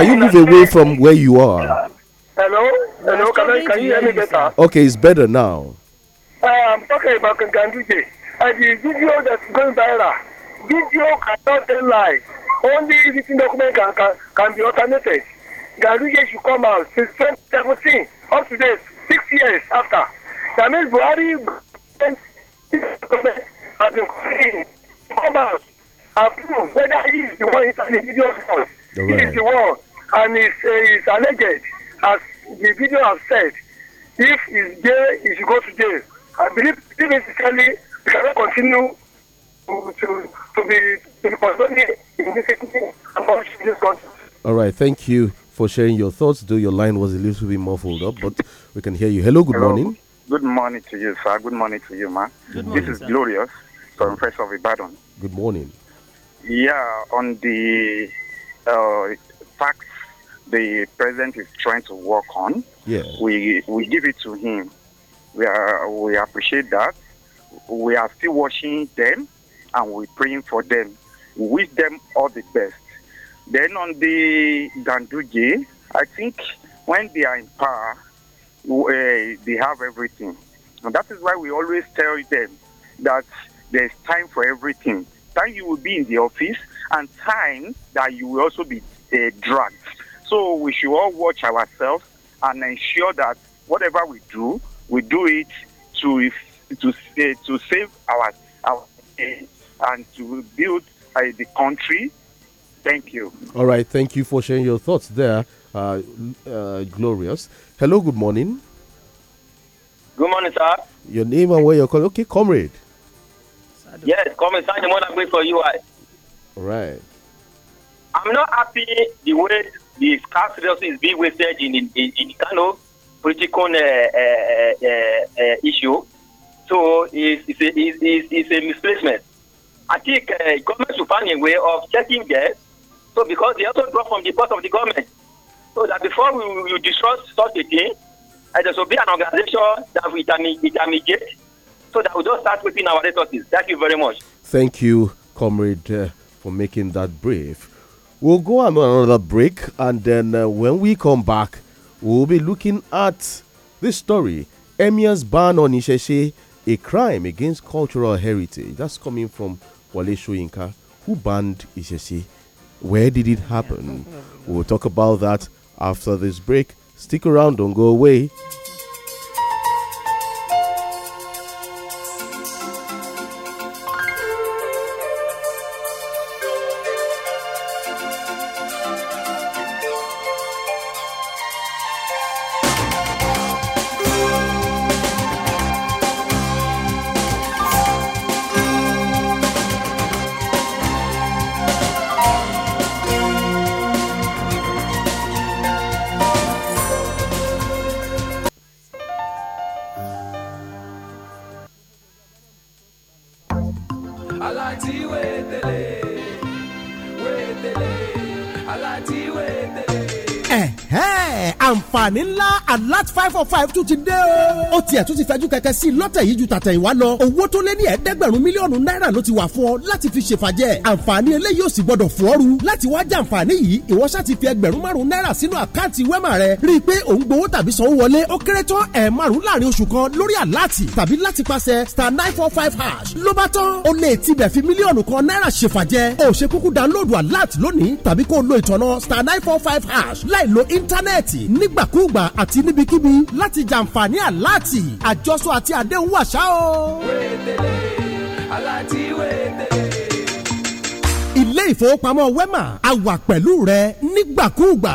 Can you move away from where you are? Hello? Hello? Can, I, can you hear me better? Okay, it's better now. Ah, I'm talking about Ganduje. And the video that's going viral, video cannot tell lies. Only written document can, can, can be alternated. Ganduje should come out since 2017, up to date, six years after. That means Buhari has been calling come out and prove whether he is the one in the video or not. He is the one and it's, uh, it's alleged, as the video has said, if he's there, he should go to jail. I believe, basically, we cannot continue to, to, to be to be in All right, thank you for sharing your thoughts. Though your line was a little bit muffled up, but we can hear you. Hello, good Hello. morning. Good morning to you, sir. Good morning to you, man. Good morning, this is sir. glorious from Fresh of Ibadan. Good morning. Yeah, on the uh, tax the president is trying to work on. Yeah. We we give it to him. We are we appreciate that. We are still watching them and we're praying for them. We wish them all the best. Then on the Ganduje, I think when they are in power, uh, they have everything. And that is why we always tell them that there's time for everything. Time you will be in the office and time that you will also be uh, dragged so we should all watch ourselves and ensure that whatever we do, we do it to to eh, to save our our and to build uh, the country. Thank you. All right. Thank you for sharing your thoughts there. Uh, uh, glorious. Hello. Good morning. Good morning, sir. Your name and where you're calling. Okay, comrade. Yes, comrade. Sir, the one i wait for you. All right. I'm not happy the way the scarce resources being wasted in, in, in of political uh uh, uh, uh, issue. So it's, it's, a, it's, it's a misplacement. I think uh, government should find a way of checking that. So because they also draw from the cost of the government. So that before we, we destroy such a thing, uh, there should be an organization that we intermediate so that we don't start wasting our resources. Thank you very much. Thank you, comrade, uh, for making that brief We'll go on another break, and then uh, when we come back, we'll be looking at this story Emir's ban on Isheshe, a crime against cultural heritage. That's coming from Wale Shoyinka, who banned Isheshe. Where did it happen? We'll talk about that after this break. Stick around, don't go away. five four five tún ti dé o. ó tiẹ̀ tún ti fẹ́jú kẹ̀kẹ́ sí i lọ́tẹ̀ yìí ju tàtẹ̀ ìwá lọ. owó tó lé ní ẹ̀ẹ́dẹ́gbẹ̀rún mílíọ̀nù náírà ló ti wà fún ọ láti fi ṣèfàjẹ́. àǹfààní eléyìí ò sì gbọdọ̀ fún ọ́rù. láti wá jẹ àǹfààní yìí ìwọ ṣáà ti fi ẹgbẹ̀rún márùn-ún náírà sínú àkáǹtì wẹ́mà rẹ. rí i pé ò ń gbowó tàbí sanwó wọlé ó kéré tán ẹ̀ márùn-ún láàrin oṣù kan lórí àláàtì tàbí láti pàṣẹ star nine four five hash ló bá tán. o lè tibẹ̀ fi mílíọ̀nù kan náírà ṣèfàjẹ́. o ṣe kúkú dáńlóòdù àláàtì lónìí tàbí kó o lo ìtọ̀nà star nine four five hash láì lo íńtánẹ́ẹ̀tì nígbàkúùgbà àti níbikíbi lógún láti jàǹfààní àláàtì àjọsọ àti àdéhùn wàṣà o. wẹ́ẹ̀tẹ̀lẹ̀ aláàtì wẹ́ẹ̀tẹ̀lẹ̀ ilé ìfowópamọ́ wema a wà pẹ̀lú rẹ nígbàkúùgbà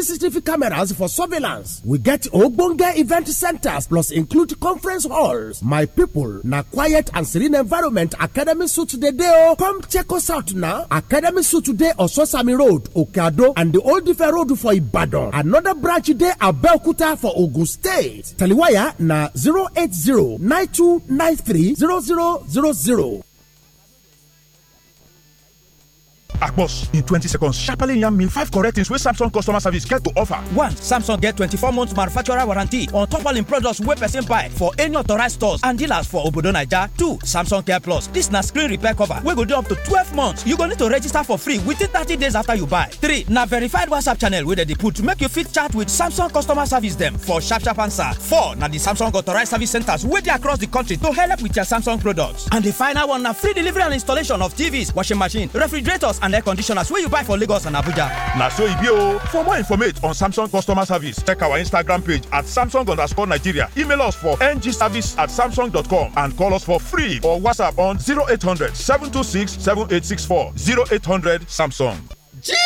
CCTV cameras for surveillance. We get ogbonge event centers plus include conference halls. My people na quiet and serene environment Academy Suit today. dey Come check us out now. Academy Suit today on Sosami Road, Okeado and the Old Ife Road for Ibadan. Another branch at Belkuta for Ogun State. Taliwaya na 080 9293 0000. Agbos in twenty seconds sharparly yarn me five correct things wey Samsung customer service get to offer. One, Samsung get twenty four months manufacturer warranty on top all im products wey person buy for any authorized stores and dealers for Obodo Naija. Two, Samsung Care Plus. This na screen repair cover wey go dey up to twelve months. You go need to register for free within thirty days after you buy. Three, na verified WhatsApp channel wey dem dey put make you fit chat with Samsung customer service dem for sharp sharp answer. Four, na the Samsung authorized service centers wey dey across the country to help with your Samsung products. And the final one na free delivery and installation of TVs, washing machine, refrigerators and and air conditioners wey you buy for lagos and abuja na so e be o for more information on samsung customer service check our instagram page at samsung underscore nigeria email us for ngservice at samsung.com and call us for free or whatsapp on 0800 726 7864 0800 samsung. jesus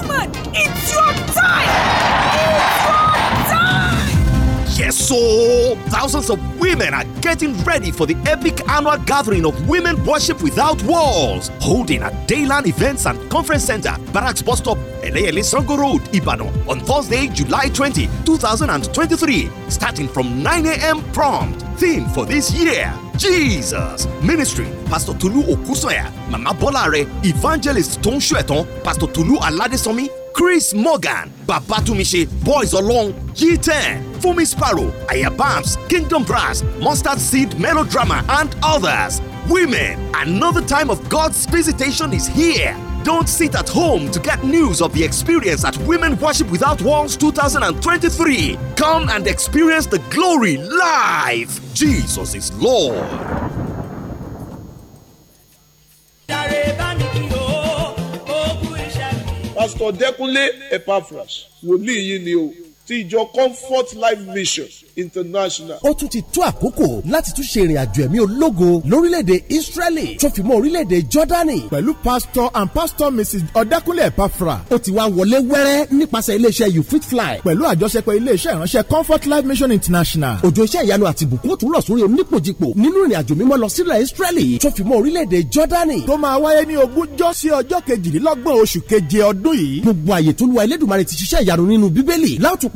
woman it's your time so thousands of women are getting ready for the epic annual gathering of Women Worship Without Walls, holding at Dayland Events and Conference Center, Barracks Bus Stop, Eleyele Sango Road, Ibadan, on Thursday, July 20, 2023, starting from 9 a.m. prompt. Theme for this year Jesus Ministry Pastor Tolu Okusoya, Mama Bolare, Evangelist Tonshueton, Pastor Tolu Aladesomi, Chris Morgan, Babatumishi, Boys Along, G10, Fumi Sparrow, Ayabams, Kingdom Brass, Mustard Seed Melodrama, and others. Women, another time of God's visitation is here. Don't sit at home to get news of the experience at Women Worship Without Walls 2023. Come and experience the glory live. Jesus is Lord. pásítọ̀ dẹ́kunlé epaphras wòlíì yìí ni o ti ìjọ comfort life mission international. ó tún ti tó àkókò láti tún ṣe ìrìnàjò ẹ̀mí ológo lórílẹ̀‐èdè israeli tó fi mọ́ orílẹ̀‐èdè jordani. pẹ̀lú pastor and pastor mrs ọ̀dẹ́kúnlé epafra ó ti wá wọlé wẹ́rẹ́ nípasẹ̀ iléeṣẹ́ you fit fly pẹ̀lú àjọṣepọ̀ iléeṣẹ́ ìránṣẹ́ comfort life mission international. òjò iṣẹ́ ìyanu àti ìbùkún tún rọ̀ sórí onípojìpò nínú ìrìnàjò mímọ́ lọ sílẹ̀ israeli tó fi mọ́ orílẹ̀‐èdè jordani. tó máa wáyé ní ogúnjọ́ sí ọjọ́ kejìlélọ́gbọ̀n oṣù keje ọdún yìí. gbogbo àyè tó lu ẹlẹ́dùnmarè ti ṣiṣẹ́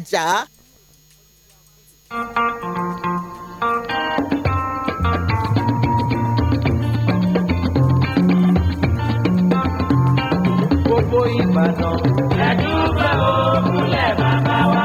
já. gbogbo ìbàdàn. ẹ̀dùn bá òkúlẹ̀ bàbá wa.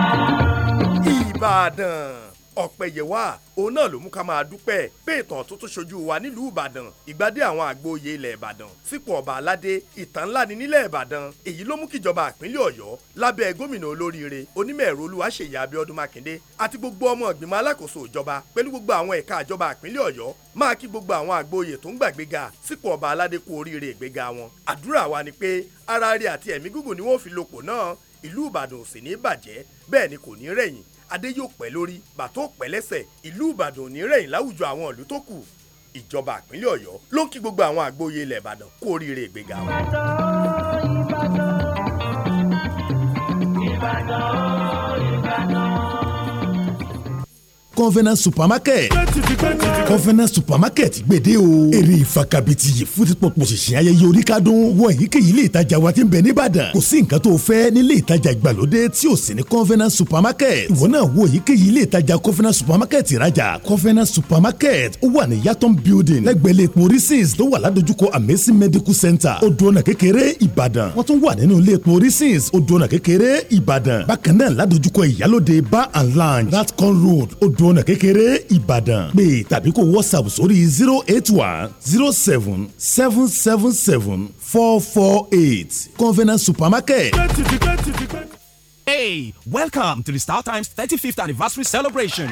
ìbàdàn ọ̀pẹ̀yẹwà òun náà ló mú ká máa dúpẹ́ pé ìtàn tuntun ṣojú wa nílùú ìbàdàn ìgbádé àwọn àgbóyè ilẹ̀ ìbàdàn sípò ọba aládé ìtàn ńlá ni nílẹ̀ ìbàdàn èyí ló mú kíjọba ìpínlẹ̀ ọ̀yọ́ lábẹ́ gómìnà olóríire onímọ̀ ẹ̀rọ olúwaṣèyí abíọ́dún mákindé àti gbogbo ọmọ ìgbìmọ̀ alákòóso ìjọba pẹ̀lú gbogbo àwọn ẹ̀ka ìjọba ìpínlẹ̀ ọ̀yọ́ máa kí gbogbo àwọn àgbóyè tó ń gbàgbéga sípò ọba aládé kú oríire ìgbéga wọn àdúrà wa ni pé ara rẹ̀ àti ẹ̀mí gígùn ni wọ́n fi lòpọ̀ náà ìlú ìbàdàn ò sì ní bàjẹ́ bẹ́ẹ̀ ni kò ní rẹ̀yìn adé yóò pẹ́ lórí bàtó pẹ́ lẹ́sẹ̀ ìlú ìbàdàn ò ní rẹ̀yìn láwùjọ àwọn ìlú tó kù ìjọba àpínlẹ̀ ọ̀yọ́ ló ń kí gbogbo àwọn àgbóyè ilẹ̀ ìbàdàn kú oríire ìgbéga wọn. ìbàdàn ìbàdàn ìbàdàn convenience supermarket convenience supermarket gbèdé o èrè ìfakabiti yìí fún títpọ̀ pòṣìṣì ayẹyẹ oríkádùn wọ èyíkéyìí ilé ìtajà wa ti ń bẹ nìbàdàn kò sí nǹkan tó o fẹ́ nílé ìtajà ìgbàlódé tí ò sí ní convenience supermarket ìwọ náà wo èyíkéyìí ilé ìtajà convenience supermarket ìrajà convenience supermarket ó wà ní yàtọ̀ building lẹ́gbẹ̀ẹ́ lẹ́pọ̀ reasons tó wà ládojúkọ amazing medical center Odo ọ̀nà kékeré ìbàdàn wọ́n tún wà nínú lẹ́pọ̀ reasons odò ọ̀nà kékeré ìbàdàn bákan náà ládojúkọ ìyálòde bar and lounge ratcon road odò ọ̀nà kékeré ìbàdàn pé tàbí kó whatsapp sórí zero eight one zero seven seven seven seven four four eight convenience supermarket. Hey, welcome to the Star Times 35th anniversary celebration.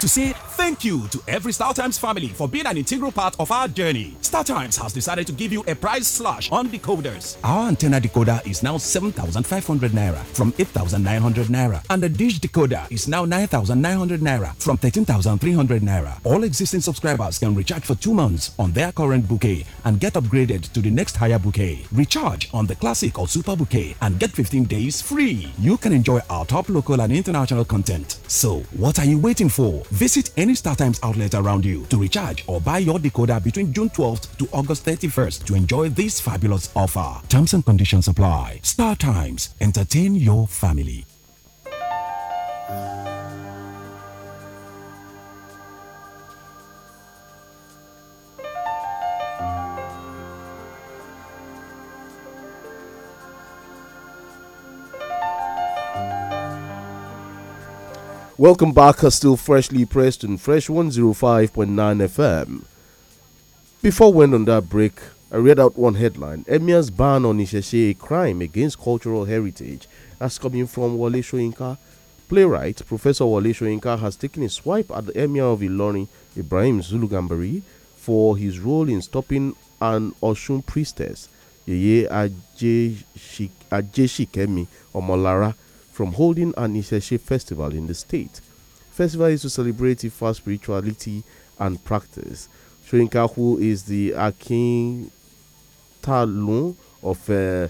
To see Thank you to every StarTimes family for being an integral part of our journey. StarTimes has decided to give you a price slash on decoders. Our antenna decoder is now 7,500 naira from 8,900 naira, and the dish decoder is now 9,900 naira from 13,300 naira. All existing subscribers can recharge for two months on their current bouquet and get upgraded to the next higher bouquet. Recharge on the classic or super bouquet and get 15 days free. You can enjoy our top local and international content. So, what are you waiting for? Visit any StarTimes outlet around you to recharge or buy your decoder between June 12th to August 31st to enjoy this fabulous offer. Terms and conditions apply. StarTimes, entertain your family. Welcome back, still freshly pressed and fresh 105.9 FM. Before we went on that break, I read out one headline Emir's ban on Isheshe, a crime against cultural heritage. That's coming from Wale Shoinka. Playwright Professor Wale Shoinka has taken a swipe at the Emir of Ilorin, Ibrahim Zulugambari, for his role in stopping an Oshun priestess, Yeye Ajeshikemi Omolara from holding an Isheshe festival in the state. Festival is to celebrate Ifa spirituality and practice. Shrinka, who is the Akin talun of, uh,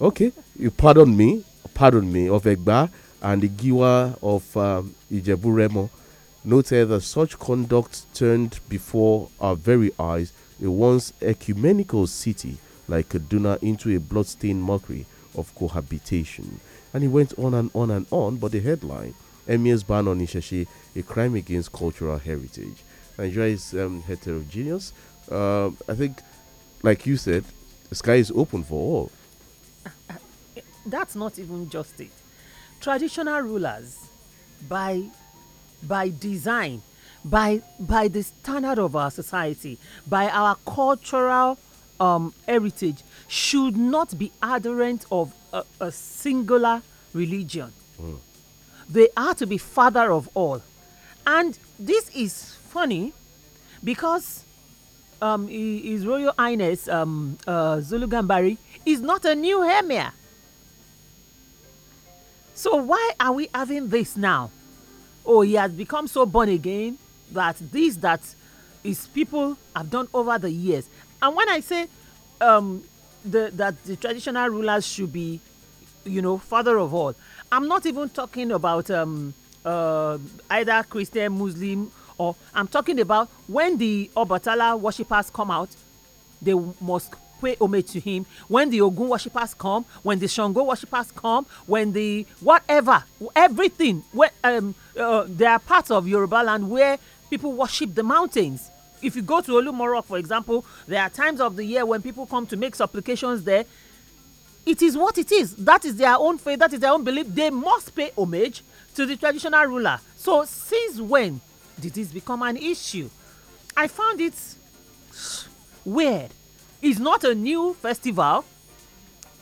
okay, you pardon me, pardon me, of Egba and the Giwa of um, Ijebu Remo, noted that such conduct turned before our very eyes a once ecumenical city like Kaduna into a bloodstained mockery of cohabitation. And he went on and on and on, but the headline Emir's ban on Isheshe, a crime against cultural heritage. Nigeria is um, heterogeneous. Uh, I think, like you said, the sky is open for all. That's not even just it. Traditional rulers, by, by design, by, by the standard of our society, by our cultural um, heritage, should not be adherent of a, a singular religion. Mm. They are to be father of all. And this is funny because um, His Royal Highness um, uh, Zulu Gambari is not a new emir. So why are we having this now? Oh, he has become so born again that this that his people have done over the years. And when I say um, the, that the traditional rulers should be, you know, father of all. I'm not even talking about um, uh, either Christian, Muslim, or I'm talking about when the Obatala worshippers come out, they must pay homage to him. When the Ogun worshippers come, when the Shango worshippers come, when the whatever, everything, where, um, uh, they are part of Yoruba land where people worship the mountains if you go to Olumorok, for example, there are times of the year when people come to make supplications there. It is what it is. That is their own faith, that is their own belief. They must pay homage to the traditional ruler. So, since when did this become an issue? I found it weird. It's not a new festival,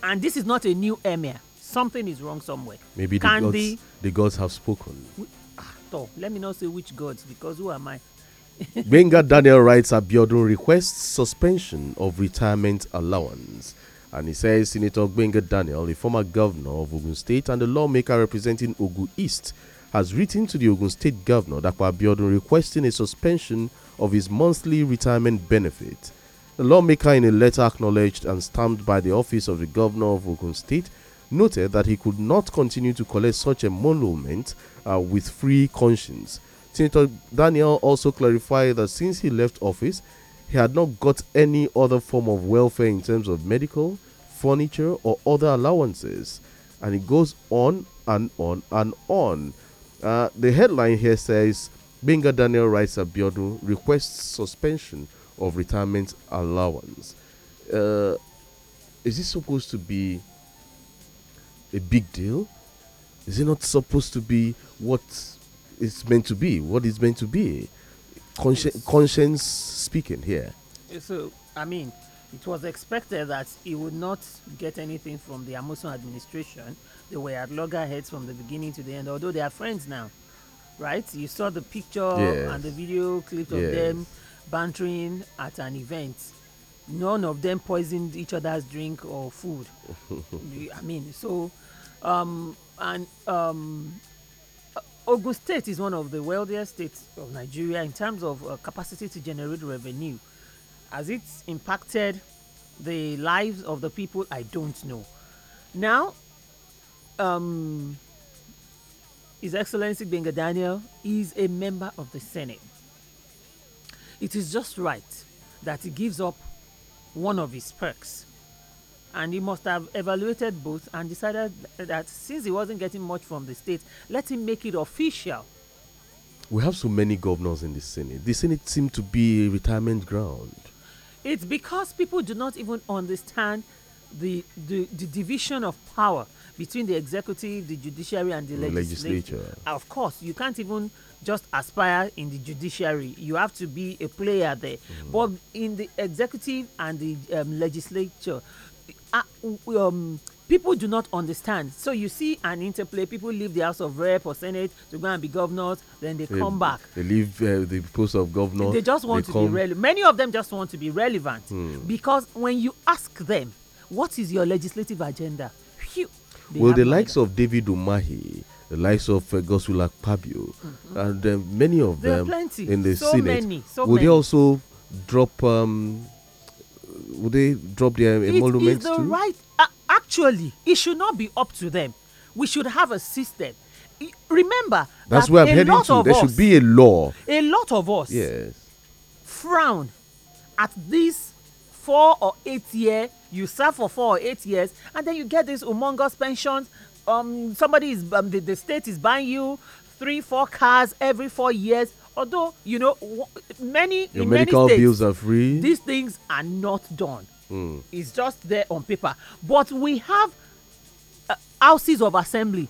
and this is not a new emir. Something is wrong somewhere. Maybe the gods, the, gods, have spoken. We, ah, let me not say which gods because who am I? Benga Daniel writes Abiodun requests suspension of retirement allowance. And he says Senator Benga Daniel, a former governor of Ogun State and a lawmaker representing Ogun East, has written to the Ogun State governor, Dakwa Abiodun, requesting a suspension of his monthly retirement benefit. The lawmaker, in a letter acknowledged and stamped by the office of the governor of Ogun State, noted that he could not continue to collect such a uh, with free conscience Senator Daniel also clarified that since he left office, he had not got any other form of welfare in terms of medical, furniture, or other allowances. And it goes on and on and on. Uh, the headline here says Binga Daniel writes a Abiodun requests suspension of retirement allowance. Uh, is this supposed to be a big deal? Is it not supposed to be what it's meant to be, what it's meant to be. Consci- conscience speaking here. Eh, so, I mean, it was expected that he would not get anything from the Amoson administration. They were at loggerheads from the beginning to the end, although they are friends now, right? You saw the picture yes. and the video clip of yes. them bantering at an event. None of them poisoned each other's drink or food. I mean, so, um, and um, Ogun State is one of the wealthiest states of Nigeria in terms of uh, capacity to generate revenue. Has it impacted the lives of the people? I don't know. Now, um, His Excellency Benga Daniel is a member of the Senate. It is just right that he gives up one of his perks and he must have evaluated both and decided that since he wasn't getting much from the state, let him make it official. We have so many governors in the Senate. The Senate seems to be a retirement ground. It's because people do not even understand the, the, the division of power between the executive, the judiciary, and the, the legislature. legislature. Of course, you can't even just aspire in the judiciary. You have to be a player there. Mm -hmm. But in the executive and the um, legislature, uh, um, people do not understand. So you see an interplay. People leave the House of Rep or Senate to go and be governors. Then they, they come back. They leave uh, the post of governor. They just want they to be relevant. Many of them just want to be relevant hmm. because when you ask them, what is your legislative agenda? Phew, well, the likes of David Umahi the likes of uh, Gosula Pabio, mm -hmm. and uh, many of there them in the so Senate. Many, so would many. they also drop um, would they drop their emoluments It's the too? right. Uh, actually, it should not be up to them. We should have a system. Remember, that's that where I'm heading to. There us, should be a law. A lot of us, yes, frown at this four or eight year. You serve for four or eight years, and then you get these humongous pensions. Um, somebody is um, the, the state is buying you three, four cars every four years although you know many your medical many states, bills are free these things are not done mm. it's just there on paper but we have uh, houses of assembly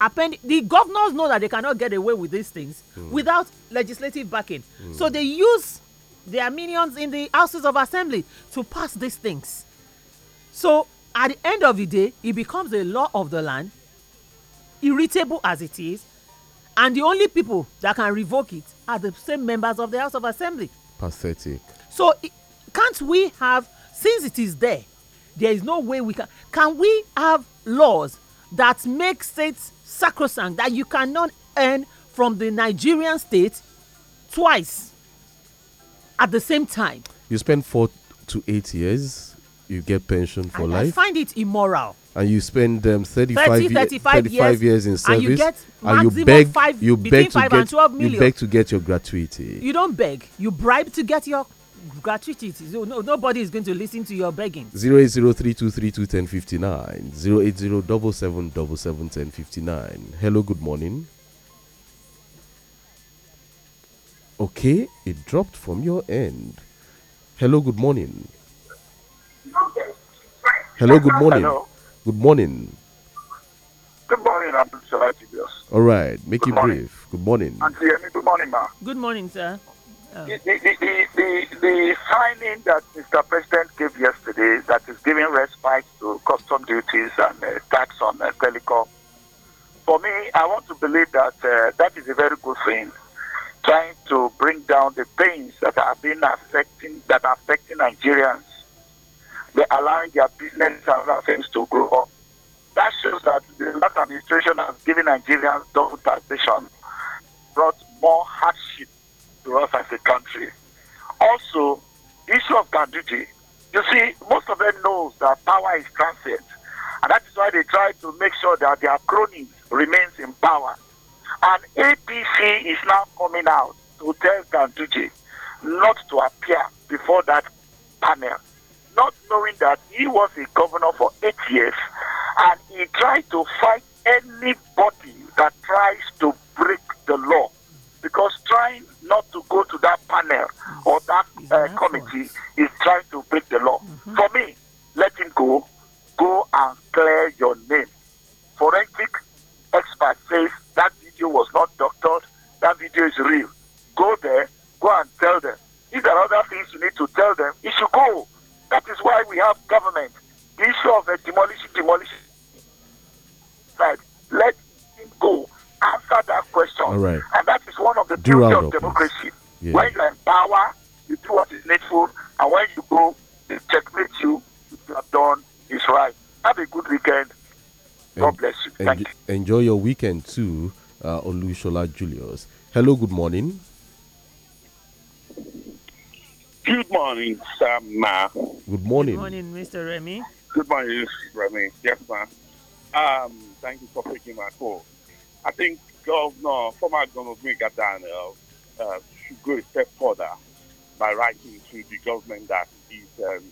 append the governors know that they cannot get away with these things mm. without legislative backing mm. so they use their minions in the houses of assembly to pass these things so at the end of the day it becomes a law of the land irritable as it is and the only people that can revoke it are the same members of the House of Assembly. Pathetic. So can't we have, since it is there, there is no way we can, can we have laws that make states sacrosanct that you cannot earn from the Nigerian state twice at the same time? You spend four to eight years you get pension for I, life. I find it immoral. And you spend um, 35, 30, 35, 35 years, years, in service, and you get maximum and you beg, five, you beg get, You beg to get your gratuity. You don't beg. You bribe to get your gratuity. So no, nobody is going to listen to your begging. 08032321059. 08077771059. Hello, good morning. Okay, it dropped from your end. Hello, good morning. Hello, good morning. Hello. Good morning. Good morning, Abdul All right, make good it morning. brief. Good morning. Good morning, ma. Good morning, sir. Oh. The, the, the, the, the signing that Mr. President gave yesterday that is giving respite to custom duties and uh, tax on uh, telecom, for me, I want to believe that uh, that is a very good thing, trying to bring down the pains that have been affecting, that are affecting Nigerians they allow allowing their business and other things to grow up. That shows that the last administration has given Nigerians double taxation, brought more hardship to us as a country. Also, issue of Ganduji, you see, most of them knows that power is transient, and that is why they try to make sure that their cronies remains in power. And APC is now coming out to tell Ganduji not to appear before that panel he was a governor for eight years and he tried to fight anybody that tries to break the law because trying not to go to that panel or that mm-hmm. uh, committee is trying to break the law. Mm-hmm. For me, let him go. Go and clear your name. Forensic expert says that video was not doctored. That video is real. Go there. Go and tell them. If there are other things you need to tell them, you should go. That is why we have government. The issue of the demolition, demolition. Right. Let him go. Answer that question. All right. And that is one of the beauty of democracy. Yeah. When you empower, you do what is needful, and when you go, they checkmate you. You have done is right. Have a good weekend. God en bless you. Thank en you. Enjoy your weekend too, uh, Shola Julius. Hello, good morning. Good morning, sir. Ma. Good morning. Good morning, Mr. Remy. Good morning, Remy. Yes, ma. Um, thank you for picking my call. I think Governor, former Governor Mega Daniel, uh, should go a step further by writing to the government that his um,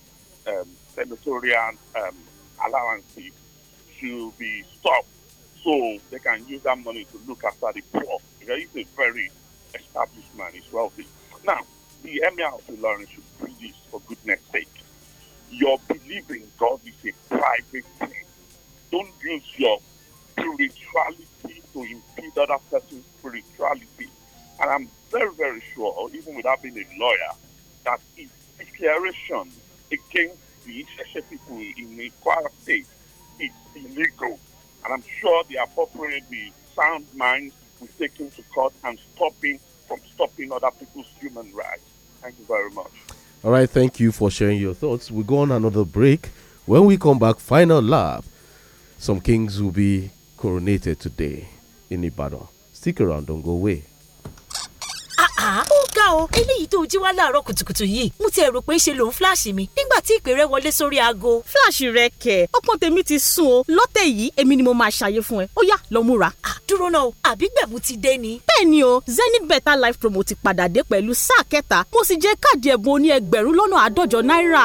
um, senatorial um, allowances should be stopped so they can use that money to look after the poor. Because he's a very established man, he's wealthy. Now, the Emir of Ilorin should please, for goodness sake. Your belief in God is a private thing. Don't use your spirituality to impede other person's spirituality. And I'm very, very sure, even without being a lawyer, that his declaration against the Isheshe people in Kwara State is illegal. And I'm sure the appropriate, the sound minds will take him to court and stop him from stopping other people's human rights. Thank you very much. All right, thank you for sharing your thoughts. we go on another break. When we come back, final lap, some kings will be coronated today in Ibadan. Stick around, don't go away. Uh-uh. o eléyìí tó jí wá láàárọ̀ kùtùkùtù yìí mo ti ẹ̀rù pé ń ṣe lòun fíláàṣì mi nígbà tí ìpè rẹ wọlé sórí aago. fíláàṣì rẹ kẹ ọpọ́n tèmi ti sùn o lọ́tẹ̀ yìí èmi ni mo máa ṣàyè fún ẹ ó yá lọ múra. dúró náà àbí gbẹ̀bù ti dé ni. bẹ́ẹ̀ ni o zenith better life promo ti padà dé pẹ̀lú sáà kẹta mo sì jẹ káàdì ẹ̀bùn oní ẹgbẹ̀rún lọ́nà àádọ́jọ náírà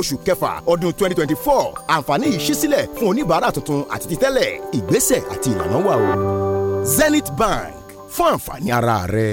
oṣù kẹfà ọdún 2024 àǹfààní yìí ṣí sílẹ̀ fún oníbàárà tuntun àti títẹ́lẹ̀ ìgbésẹ̀ àti ìlànà wà o Zenith Bank fún àǹfààní ara rẹ.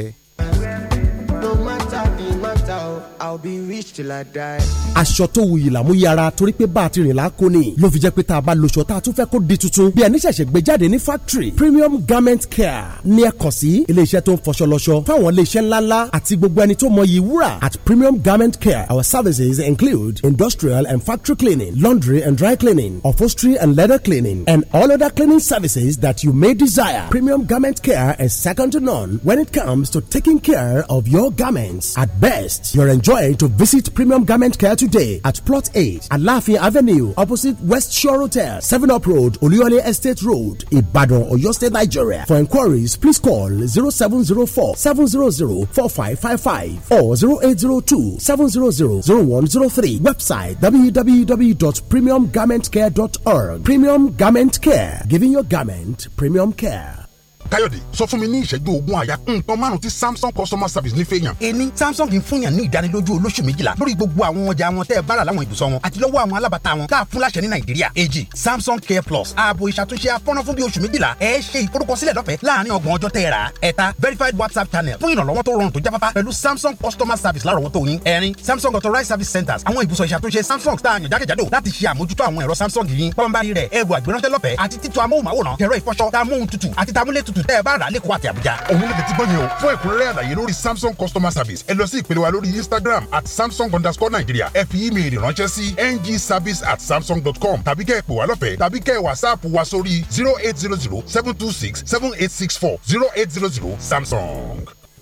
I'll be rich till I die. aṣọ tó wuyì làmúyára torí pé bá a ti rìn láko ni ló fi jẹ́ pé tá a bá lòṣọ tá a tún fẹ́ kó di tuntun bí ẹni ṣẹ̀ṣẹ̀ gbé jáde ní factory premium garment care ní ẹ kàn sí iléeṣẹ́ tó ń fọṣọ lọ́ṣọ fáwọn iléeṣẹ́ ńláńlá àti gbogbo ẹni tó mọyì wúrà at premium garment care our services include industrial and factory cleaning laundry and dry cleaning upholstery and leather cleaning and all other cleaning services that you may desire premium garment care is second to none when it comes to taking care of your garments at best you're enjoying enjoy to visit Premium Garment Care today at Plot 8, Alafia Avenue, opposite West Shore Hotel, 7 Up Road, Oluyole Estate Road, Ibadan, Oyo State, Nigeria. For inquiries, please call 0704 700 4555 or 0802 700 0103. Website www.premiumgarmentcare.org. Premium Garment Care, giving your garment premium care. káyọ̀dé sọ fún mi ní ìṣẹ́jú ogún àyà nǹkan márùn tí samsung customer service nífẹ̀ẹ́ yàn. èmi samsung ń fún yàn ní ìdánilójú olóṣù méjìlá lórí gbogbo àwọn ọjà wọn tẹ́ ẹ bára láwọn ibùsọ̀ wọn àti lọ́wọ́ àwọn alábàtà wọn tá a fún láṣẹ ní nàìjíríà. èjì samsung care plus ààbò ìṣàtúnṣe afọ́nà fún bí oṣù méjìlá ẹ ṣe ìforúkọsílẹ̀ lọ́fẹ̀ẹ́ láàárín ọgbọ̀n ọjọ́ tẹ́ ẹ rà. ẹ̀ta verified whatsapp channel fún ìrànlọ́wọ́ tó rọrùn tó jáfáfá pẹ̀lú samsung customer service lárọ̀wọ́tó yín. ẹ̀rin samsung authorized service centers àwọn ibùsọ̀ ìṣàtúnṣe samsung tá a yàn jákèjádò láti ṣe àmójútó àwọn ẹ̀rọ samsung yìí. pọ́nbárì rẹ̀ ẹ̀rù àgbéránṣẹ́ lọ́fẹ̀ẹ́ àti títú amóhùnmáwòrán ẹ̀rọ ìfọṣọ tamóhun tutù àti tamúlé tutù tútù tẹ́ ẹ bá rà lẹ́kọ̀ọ́ àti àbújá. òun lè tètè gbọ́ yẹn o fún ẹ̀kúnrẹ́rẹ́ àlàyé lórí samsung customer service ẹ lọ sí ìpele wa lórí instagram at samsung underscore nigeria ẹ fi ímeèlì ránṣẹ́ sí ngservice at samsung dot com tàbí kẹ́ ẹ pè wá lọ́fẹ̀ẹ́ tàbí kẹ́ ẹ wàsáàpù wa sórí zero eight zero zero seven two six seven eight six four zero eight zero zero samsung.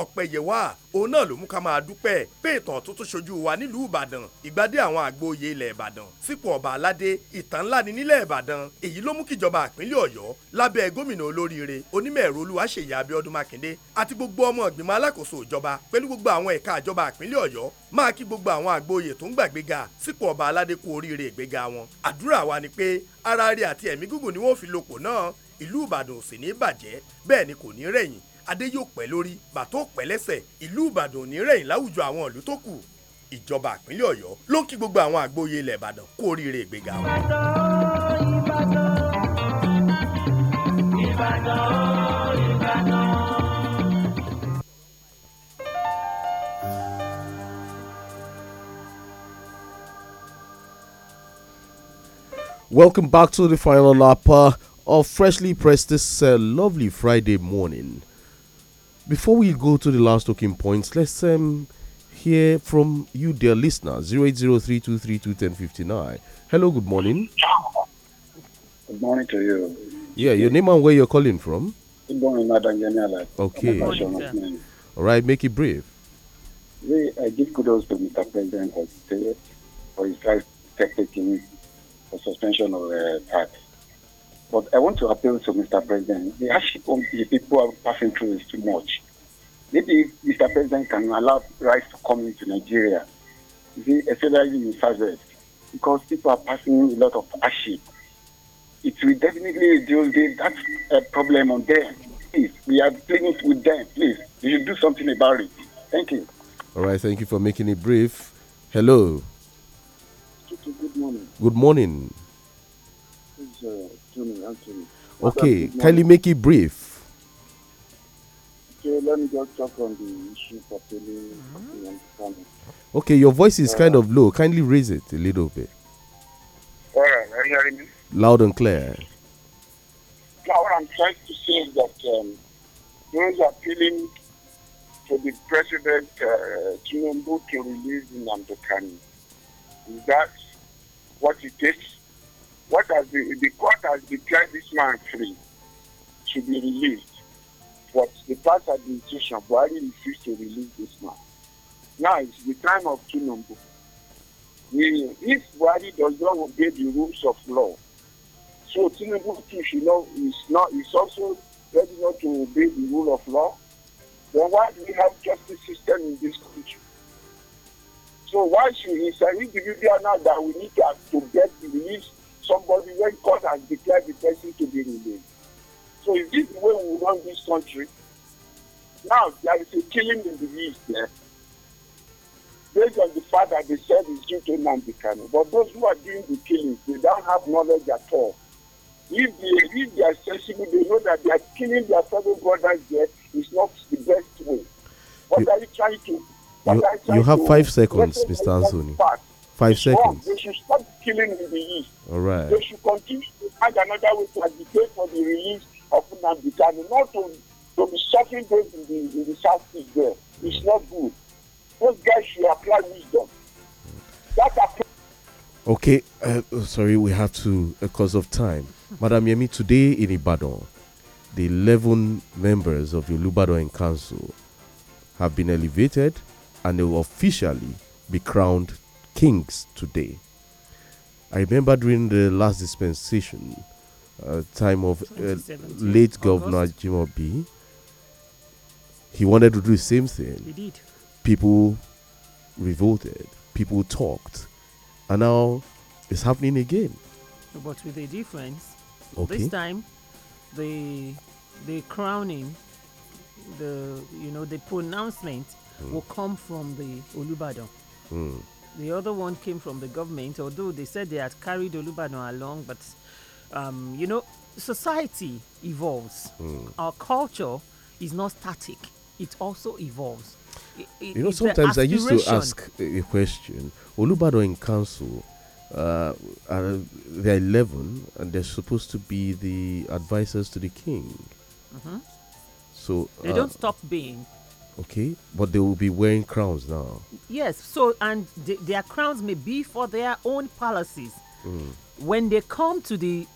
ọ̀pẹ̀yẹ̀wà òun náà ló mú ká máa dúpẹ́ pé ìtàn tuntun ṣojú wa nílùú ìbàdàn ìgbádé àwọn àgbóyè ilẹ̀ ìbàdàn sípò ọba aládé ìtàn ńlá ni nílẹ̀ ìbàdàn èyí ló mú kíjọba àpínlẹ̀ ọ̀yọ́ lábẹ́ gómìnà olóríire onímọ̀ẹ̀rọ olúwaṣèyí abíọ́dún mákindé àti gbogbo ọmọ ìgbìmọ̀ alákòóso ìjọba pẹ̀lú gbogbo àwọn ẹ̀ka àjọba àpínlẹ̀ ọ̀yọ́ máa kí gbogbo àwọn àgbóyè tó ń gbàgbéga sípò ọba aládé kú oríire ìgbéga wọn àdúrà wa ni pé ara rẹ̀ àti ẹ̀mí gígùn ni wọ́n fi lòpọ̀ náà ìlú ìbàdàn ò sì ní bàjẹ́ bẹ́ẹ̀ ni kò ní rẹ̀yìn adé yóò pẹ́ lórí bàtà ó pẹ́ lẹ́sẹ̀ ìlú ìbàdàn ní rẹ̀yìn láwùjọ àwọn ìlú tó kù ìjọba àpínlẹ̀ ọ̀yọ́ ló ń kí gbogbo àwọn àgbóyè ilẹ̀ ìbàdàn kú oríire ìgbéga wọn. Welcome back to the final lap uh, of Freshly Pressed this uh, lovely Friday morning. Before we go to the last talking points, let's um, hear from you, dear listener. Zero eight zero three two three two ten fifty nine. Hello, good morning. Good morning to you. Yeah, your name and where you're calling from. Good morning, Madam Yamiala. Okay. All right, make it brief. We, I give kudos to Mr. President for his five tech for suspension of uh, tax. But I want to appeal to Mr. President. The hardship of the people are passing through is too much. Maybe Mr. President can allow rice to come into Nigeria, especially in Southwest, because people are passing a lot of hardship. It will definitely reduce that uh, problem on them. Please, we are pleading with them. Please, you should do something about it. Thank you. All right, thank you for making it brief. Hello. Good morning. Good morning. Uh, Anthony, Anthony. Okay, kindly make it brief. Okay, let me just talk on the issue pertaining to mm-hmm. understanding. Okay, your voice is uh, kind of low. Kindly raise it a little bit. All right, are you hearing me? Loud and clear. Now, what I'm trying to say is that um, those appealing to the president uh, to release Nnamdi Kanu, that's what it takes what has the, the court has declared this man free to be released, but the past administration, Buhari refused to release this man. Now it's the time of Tinubu. If Buhari does not obey the rules of law, so Tinubu too you know, is not is also ready not to obey the rule of law. Then why do we have justice system in this country? So why should it's an individual now that we need to, to get released somebody when God has declared the person to be renamed. So is this the way we run this country? Now there is a killing in the east there. Based on the fact that they said it's due to Nambikano. But those who are doing the killings, they don't have knowledge at all. If they if they are sensible, they know that they are killing their fellow brothers there is not the best way. What you, are you trying to you, you have to, five seconds, Mr. Anthony. Fact, Five seconds. Oh, we should stop killing in the East. All right. They should continue to find another way to advocate for the release of Nnamdi Kanu, not to, to be suffering those in the, in the there. It's not good. Those guys should apply wisdom. Okay, uh, oh, sorry, we have to, uh, because of time. Madam Yemi, today in Ibadan, the 11 members of the Ibadan Council have been elevated and they will officially be crowned kings today. I remember during the last dispensation, uh, time of uh, late August. Governor Jim B. He wanted to do the same thing. He did. People revolted. People talked, and now it's happening again. But with a difference. Okay. This time, the the crowning, the you know the pronouncement mm. will come from the Olubadan. Mm. The other one came from the government, although they said they had carried Olubano along, but um, you know, society evolves. Mm. Our culture is not static, it also evolves. It, you know, sometimes I used to ask a question Olubado in council uh, are, they're 11 and they're supposed to be the advisors to the king. Mm -hmm. So uh, they don't stop being. Okay, but they will be wearing crowns now. Yes, so and th their crowns may be for their own palaces. Mm. When they come to the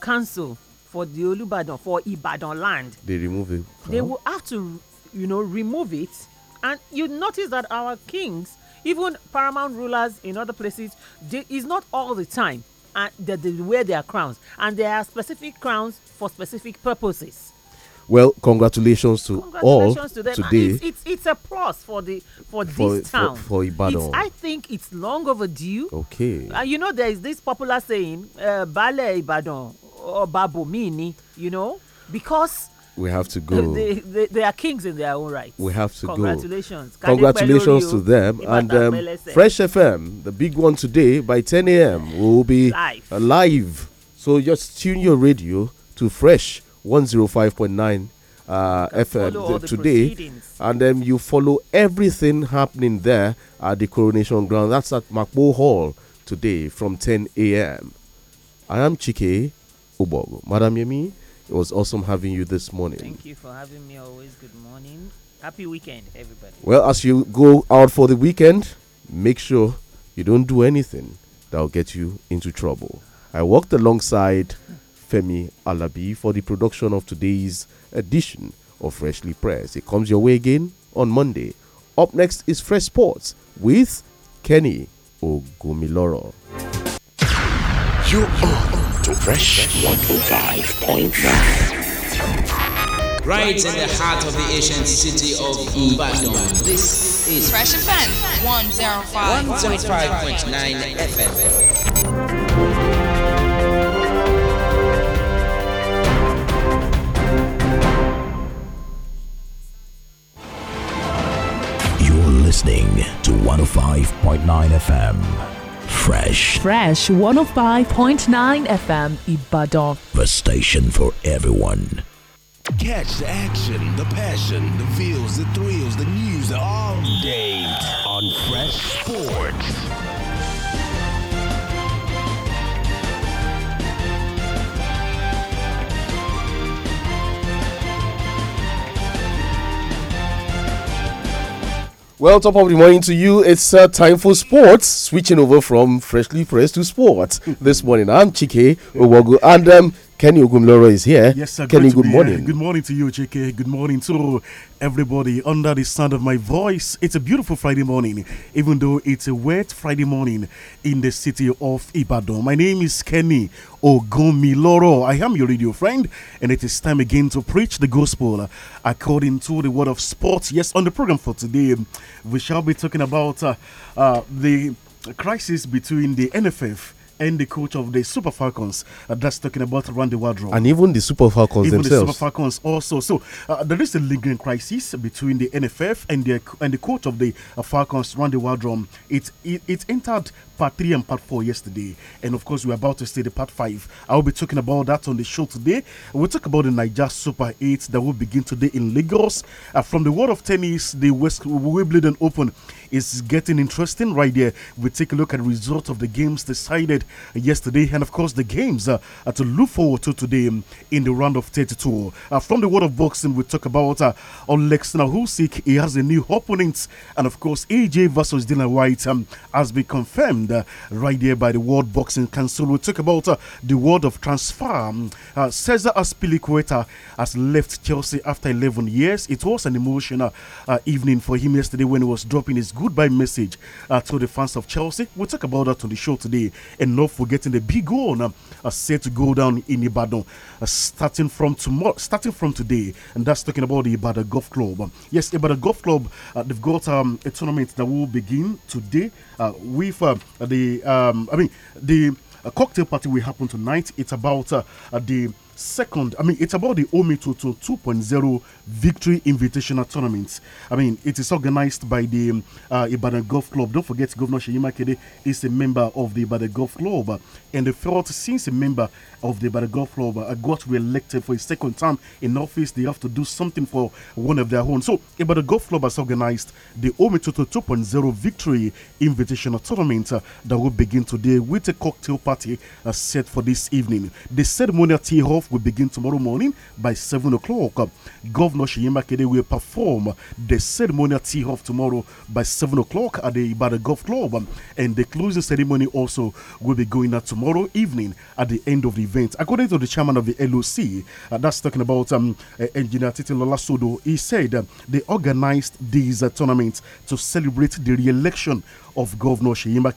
council for the Olubadan, for Ibadan land, they remove it. They will have to, you know, remove it. And you notice that our kings, even paramount rulers in other places, they, it's not all the time that they wear their crowns, and there are specific crowns for specific purposes. Well, congratulations to congratulations all to today. It's, it's, it's a plus for the for, for this town. For, for Ibadan. I think it's long overdue. Okay. Uh, you know, there is this popular saying, uh, "Bale Ibadan or Mini." you know, because we have to go. They, they, they, are kings in their own right. We have to Congratulations. go. Congratulations. Congratulations to them. And um, Fresh FM, the big one today, by 10 a.m., will be live. live. So just tune your radio to Fresh 105.9 uh, FM today, and then you follow everything happening there at the coronation ground. That's at Makbo Hall today from 10 a.m. I am Chike Ubogo. Madam Yemi, it was awesome having you this morning. Thank you for having me always. Good morning. Happy weekend, everybody. Well, as you go out for the weekend, make sure you don't do anything that will get you into trouble. I walked alongside Femi Alabi for the production of today's edition of Freshly Press. It comes your way again on Monday. Up next is Fresh Sports with Kenny Ogumiloro. You are to Fresh 105.9. Right in the heart of the ancient city of Ibadan. This is Fresh FM 105.9 105. 105. 105. FM. listening to 105.9 FM. Fresh. Fresh 105.9 FM Ibadan. The station for everyone. Catch the action, the passion, the feels, the thrills, the news all day on Fresh Sports. Well, top of the morning to you. It's uh, time for sports. Switching over from freshly pressed to sports this morning. I'm Chike Owogo, and um, Kenny Ogumloro is here. Yes, sir. Kenny, good morning. Here. Good morning to you, JK. Good morning to everybody under the sound of my voice. It's a beautiful Friday morning, even though it's a wet Friday morning in the city of Ibadan. My name is Kenny Ogumiloro. I am your radio friend, and it is time again to preach the gospel according to the word of sports. Yes, on the program for today, we shall be talking about uh, uh, the crisis between the NFF and the coach of the Super Falcons. Uh, that's talking about Randy Wardrobe. And even the Super Falcons even themselves. the Super Falcons also. So uh, there is a lingering crisis between the NFF and the and the coach of the uh, Falcons, Randy Wardrobe. It, it, it entered part three and part four yesterday. And of course, we're about to see the part five. I'll be talking about that on the show today. We'll talk about the Niger Super 8 that will begin today in Lagos. Uh, from the world of tennis, the West Wimbledon Open is getting interesting right there. We take a look at the result of the games decided yesterday, and of course, the games uh, to look forward to today um, in the round of 32. Uh, from the world of boxing, we talk about uh, Oleksandr Husik. He has a new opponent, and of course, AJ versus Dylan White um, has been confirmed uh, right here by the World Boxing Council. we talk about uh, the world of transfer. Um, uh, Cesar Aspilicueta has left Chelsea after 11 years. It was an emotional uh, evening for him yesterday when he was dropping his goodbye message uh, to the fans of Chelsea. We'll talk about that on the show today. And not forgetting the big one uh, set to go down in Ibadan uh, starting from tomorrow, starting from today. And that's talking about the Ibadan Golf Club. Yes, yes, Ibadan Golf Club, they've got um, a tournament that will begin today with the um, I mean the uh, cocktail party will happen tonight. It's about uh, the Second, I mean, it's about the Omitoto 2.0 Victory Invitational Tournament. I mean, it is organized by the uh, Ibadan Golf Club. Don't forget, Governor Sheyima Kede is a member of the Ibadan Golf Club. And the fourth, since a member of the Ibadan Golf Club uh, got re-elected for a second time in office, they have to do something for one of their own. So, Ibadan Golf Club has organized the Omitoto 2.0 Victory Invitational Tournament uh, that will begin today with a cocktail party uh, set for this evening. The ceremonial tee off we will begin tomorrow morning by 7 o'clock. Governor Shiyema Kede will perform the ceremonial tee off tomorrow by 7 o'clock at the Ibadan Golf Club. And the closing ceremony also will be going out tomorrow evening at the end of the event. According to the chairman of the LOC, uh, that's talking about um, uh, engineer Titilola Sodo, he said uh, they organized these uh, tournaments to celebrate the re election of Governor Sheyima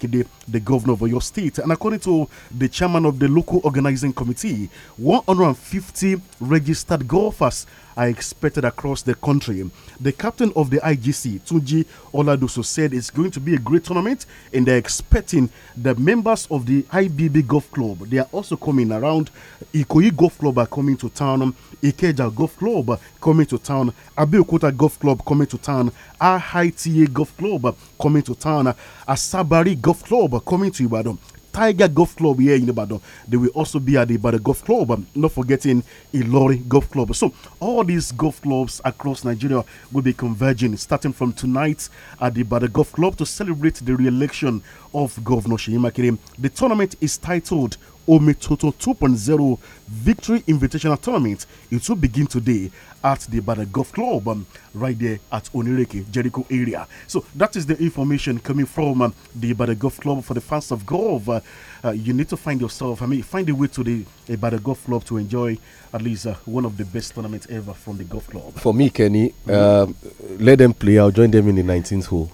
the governor of your State. And according to the chairman of the local organizing committee, 150 registered golfers are expected across the country. The captain of the IGC, Tunji Oladuso, said it's going to be a great tournament and they're expecting the members of the IBB Golf Club. They are also coming around. Ikoyi Golf Club are coming to town. Ikeja Golf Club coming to town. Abeokuta Golf Club coming to town. TA Golf Club coming to town. Asabari Golf Club coming to Ibadan. Tiger Golf Club here in Ibadan. They will also be at the Ibadan Golf Club. Um, not forgetting Ilori Golf Club. So all these golf clubs across Nigeria will be converging starting from tonight at the Ibadan Golf Club to celebrate the re-election of Governor Sheyimakere. The tournament is titled Omitoto 2.0 Victory Invitational Tournament. It will begin today at the Bada Golf Club um, right there at Onireke, Jericho area. So that is the information coming from um, the Bada Golf Club for the fans of golf. Uh, uh, you need to find yourself, I mean, find a way to the uh, Bada Golf Club to enjoy at least uh, one of the best tournaments ever from the golf club. For me, Kenny, mm -hmm. let them play. I'll join them in the 19th hole.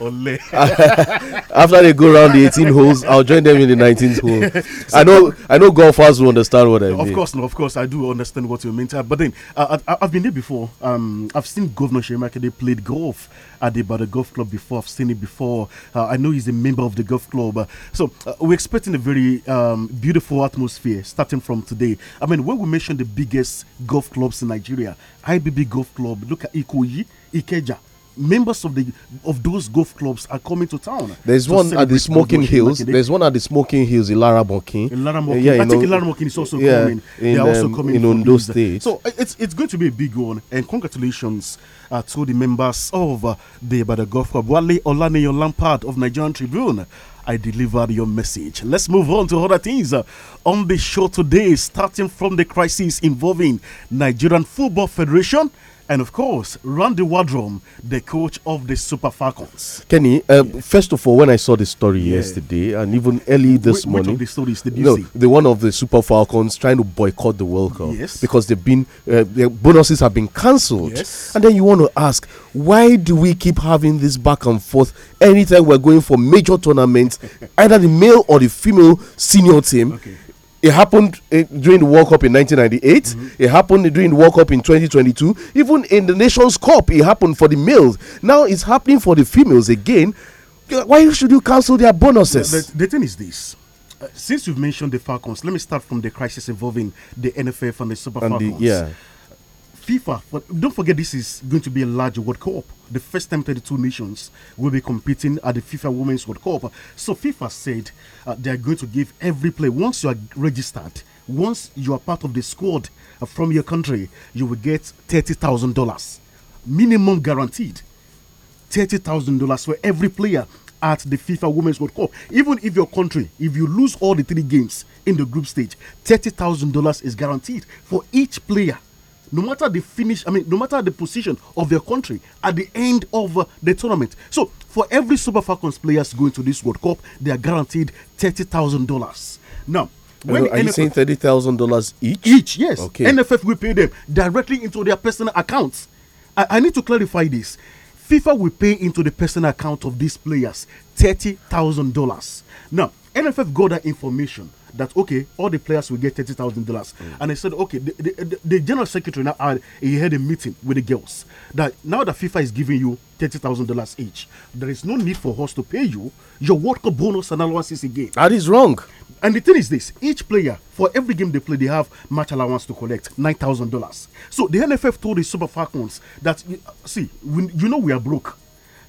Only. After they go around the 18 holes, I'll join them in the 19th hole. so I know, I know golfers will understand what I mean. Of course, no, of course, I do understand what you mean. But then, uh, uh I, have been there before. Um, I've seen Governor they played golf at the Bada Golf Club before. I've seen it before. Uh, I know he's a member of the golf club. Uh, so uh, we're expecting a very um, beautiful atmosphere starting from today. I mean, when we mention the biggest golf clubs in Nigeria, IBB Golf Club, look at Ikoyi, Ikeja members of the of those golf clubs are coming to town. There's to one at the Smoking Hills. There's one at the Smoking Hills, Ilara Mokin. Ilara uh, Mokin. Uh, yeah, I know, think Ilara Mokin is also yeah, coming. In, they are also um, coming in Ondo State. So uh, it's it's going to be a big one, and congratulations uh, to the members of uh, the Bada Golf Club. Wale Olaniyo Lampard of Nigerian Tribune. I delivered your message. Let's move on to other things uh, on the show today, starting from the crisis involving Nigerian Football Federation and of course, Randy Wardrum, the coach of the Super Falcons. Kenny, uh, um, yes. first of all, when I saw the story yeah. yesterday and even early this Wh morning, which of the stories did you no, see? The one of the Super Falcons trying to boycott the World Cup yes. because they've been uh, their bonuses have been cancelled. Yes. And then you want to ask, why do we keep having this back and forth anytime we're going for major tournaments, either the male or the female senior team? Okay it happened uh, during the World Cup in 1998. Mm -hmm. It happened during the World Cup in 2022. Even in the Nations Cup, it happened for the males. Now it's happening for the females again. Why should you cancel their bonuses? The, the, thing is this. Uh, since you've mentioned the Falcons, let me start from the crisis involving the NFF and the Super and Falcons. The, yeah FIFA, for, don't forget this is going to be a large World Cup. The first time 32 nations will be competing at the FIFA Women's World Cup. So FIFA said uh, they are going to give every player, once you are registered, once you are part of the squad uh, from your country, you will get $30,000 minimum guaranteed. $30,000 for every player at the FIFA Women's World Cup. Even if your country, if you lose all the three games in the group stage, $30,000 is guaranteed for each player no matter the finish, I mean, no matter the position of their country at the end of uh, the tournament. So, for every Super Falcons players going to this World Cup, they are guaranteed $30,000. Now, when are you saying thirty thousand dollars each? Each, yes. Okay. NFF will pay them directly into their personal accounts. I, I, need to clarify this. FIFA will pay into the personal account of these players thirty thousand dollars. Now, NFF got that information that okay, all the players will get thirty thousand dollars. Mm. And I said, okay, the, the, the, general secretary now had he had a meeting with the girls that now that FIFA is giving you thirty thousand dollars each, there is no need for us to pay you your World Cup bonus and allowances again. That is wrong. And the thing is this: each player for every game they play, they have match allowance to collect nine thousand dollars. So the NFF told the Super Falcons that see, we, you know we are broke.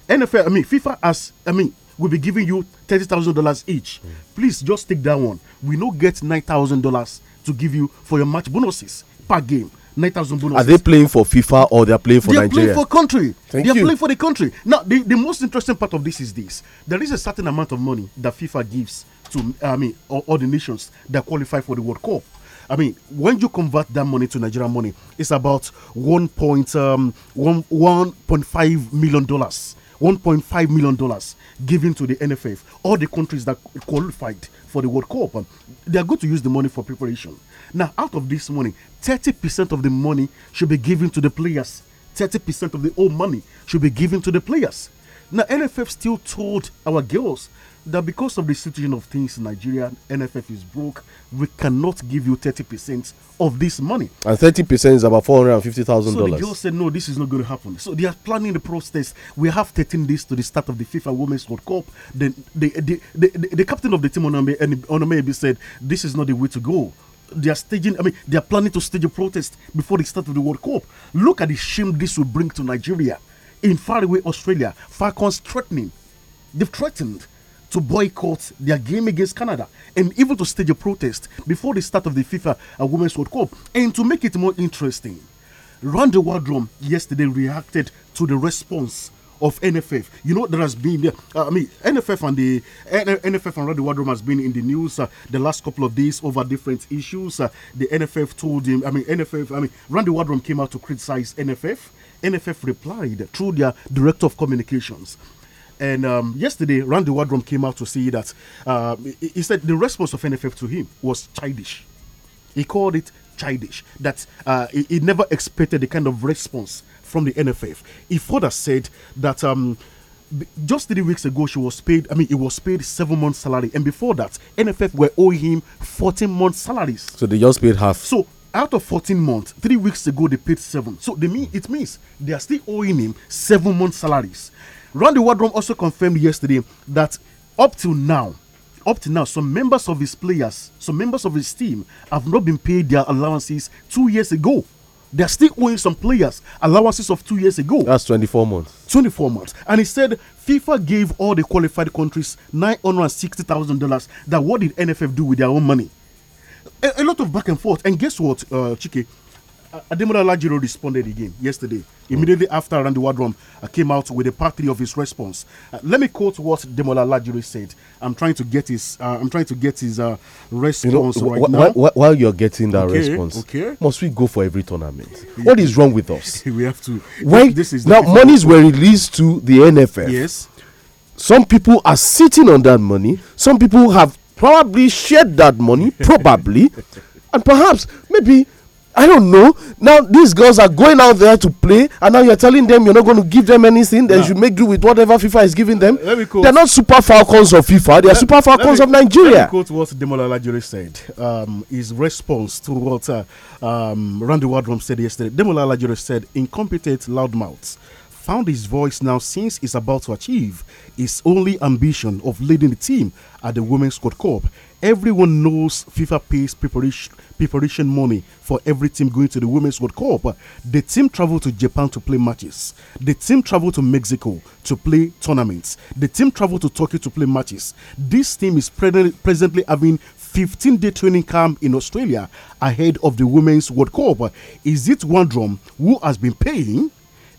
NFL, I mean FIFA has, I mean we will be giving you thirty thousand dollars each. Mm. Please just take that one. We no get nine thousand dollars to give you for your match bonuses per game. 9,000 bonuses. Are they playing for FIFA or they are playing for Nigeria? They are playing for country. Thank they are playing for the country. Now, the, the most interesting part of this is this. There is a certain amount of money that FIFA gives to, I mean, all, all the nations that qualify for the World Cup. I mean, when you convert that money to Nigerian money, it's about one point um, one one point five million dollars 1.5 million dollars given to the NFF. All the countries that qualified for the World Cup, they are going to use the money for preparation. Now, out of this money, 30% of the money should be given to the players. 30% of the whole money should be given to the players. Now, NFF still told our girls that because of the situation of things in Nigeria, NFF is broke. We cannot give you 30% of this money. And 30% is about $450,000. So the girl said, no, this is not going to happen. So they are planning the process. We have 13 days to the start of the FIFA Women's World Cup. Then the, the, the, the, captain of the team, Onome, Onome said, this is not the way to go they are staging, I mean, they are planning to stage a protest before the start of the World Cup. Look at the shame this will bring to Nigeria in faraway Australia. Falcons threatening. They've threatened to boycott their game against Canada and even to stage a protest before the start of the FIFA uh, Women's World Cup. And to make it more interesting, Randy Wardrum yesterday reacted to the response of NFF. You know, there has been, uh, I mean, NFF and the NFF and Randy Wardrum has been in the news uh, the last couple of days over different issues. Uh, the NFF told him, I mean, NFF, I mean, Randy Wardrum came out to criticize NFF. NFF replied through their director of communications and um, yesterday, Randy Wardrum came out to say that uh, he said the response of NFF to him was childish. He called it childish. That uh, he, he, never expected the kind of response from the NFF. He further said that. Um, just three weeks ago, she was paid. I mean, it was paid seven months' salary, and before that, NFF were owing him fourteen months' salaries. So they just paid half. So out of 14 months, three weeks ago they paid seven. So they mean it means they are still owing him seven months' salaries. Randy Wardrum also confirmed yesterday that up till now, up to now, some members of his players, some members of his team, have not been paid their allowances two years ago. They're still owing some players allowances of two years ago. That's 24 months. 24 months. And he said FIFA gave all the qualified countries $960,000. That what did NFF do with their own money? A, a, lot of back and forth. And guess what, uh, Chike? Ademola Lajiro responded again yesterday. Immediately mm. after Randy room, uh, came out with a part three of his response. Uh, let me quote what Demola Lajiro said. I'm trying to get his uh, I'm trying to get his response uh, you know, right now. while you're getting that okay, response, okay. must we go for every tournament? Yeah. What is wrong with us? we have to. Why this is now monies were released to the NFF. Yes. Some people are sitting on that money. Some people have probably shared that money, probably, and perhaps maybe I don't know. Now these girls are going out there to play, and now you're telling them you're not going to give them anything. They no. should make do with whatever FIFA is giving them. Uh, They're not super falcons of FIFA. They are super falcons me, of Nigeria. Let me quote what Demola Lajuri said. Um, his response to what uh, um, Randy Wardrum said yesterday. Demola Lajuri said, "Incompetent loudmouths." Found his voice now since he's about to achieve his only ambition of leading the team at the Women's World Cup Everyone knows FIFA pays preparation, preparation money for every team going to the Women's World Cup. The team travel to Japan to play matches. The team travel to Mexico to play tournaments. The team travel to Turkey to play matches. This team is presently having 15 day training camp in Australia ahead of the Women's World Cup. Is it Wandrom who has been paying?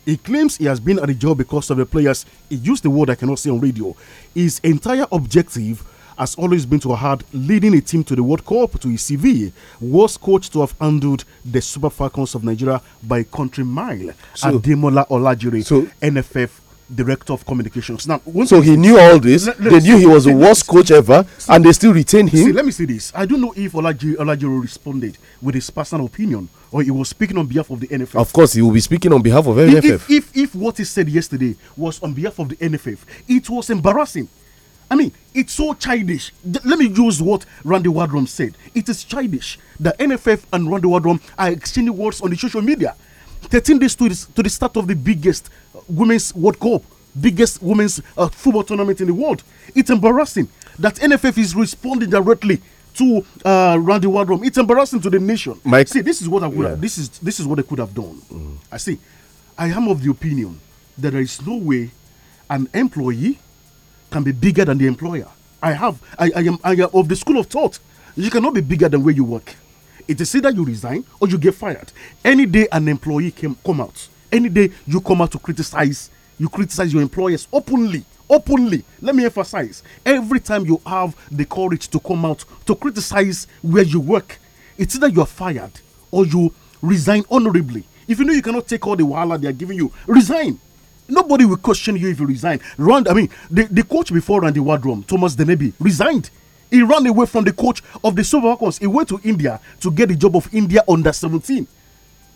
He claims he has been at the job because of the players. He used the word I cannot say on radio. His entire objective has always been to hard leading a team to the World Cup to his CV. Was to have handled the Super Falcons of Nigeria by country mile. So, Olajire, so, NFF director of communications. Now, so he knew all this. Let, they knew he was the worst coach ever, see, and they still retained him. See, let me see this. I don't know if Olaji Olajiro responded with his personal opinion or he was speaking on behalf of the NFF. Of course, he will be speaking on behalf of NFF. If, if, if what he said yesterday was on behalf of the NFF, it was embarrassing. I mean, it's so childish. let me use what Randy Wardrum said. It is childish that NFF and Randy Wardrum are exchanging words on the social media. 13 days to, this, to the start of the biggest uh, women's World Cup, biggest women's uh, football tournament in the world. It's embarrassing that NFF is responding directly to uh, Randy Wardrum. It's embarrassing to the nation. Mike, see, this is what I would. Yeah. Have, this is this is what I could have done. Mm. I see. I am of the opinion that there is no way an employee can be bigger than the employer. I have, I, I, am, I am of the school of thought. You cannot be bigger than where you work. It is either you resign or you get fired. Any day an employee can come out, any day you come out to criticize, you criticize your employers openly. Openly, let me emphasize every time you have the courage to come out to criticize where you work, it's either you are fired or you resign honorably. If you know you cannot take all the wahala they are giving you, resign Nobody will question you if you resign. Rand. I mean, the, the coach before Randy Wardrum, Thomas Denebi, resigned. He ran away from the coach of the Super Falcons. He went to India to get the job of India under 17.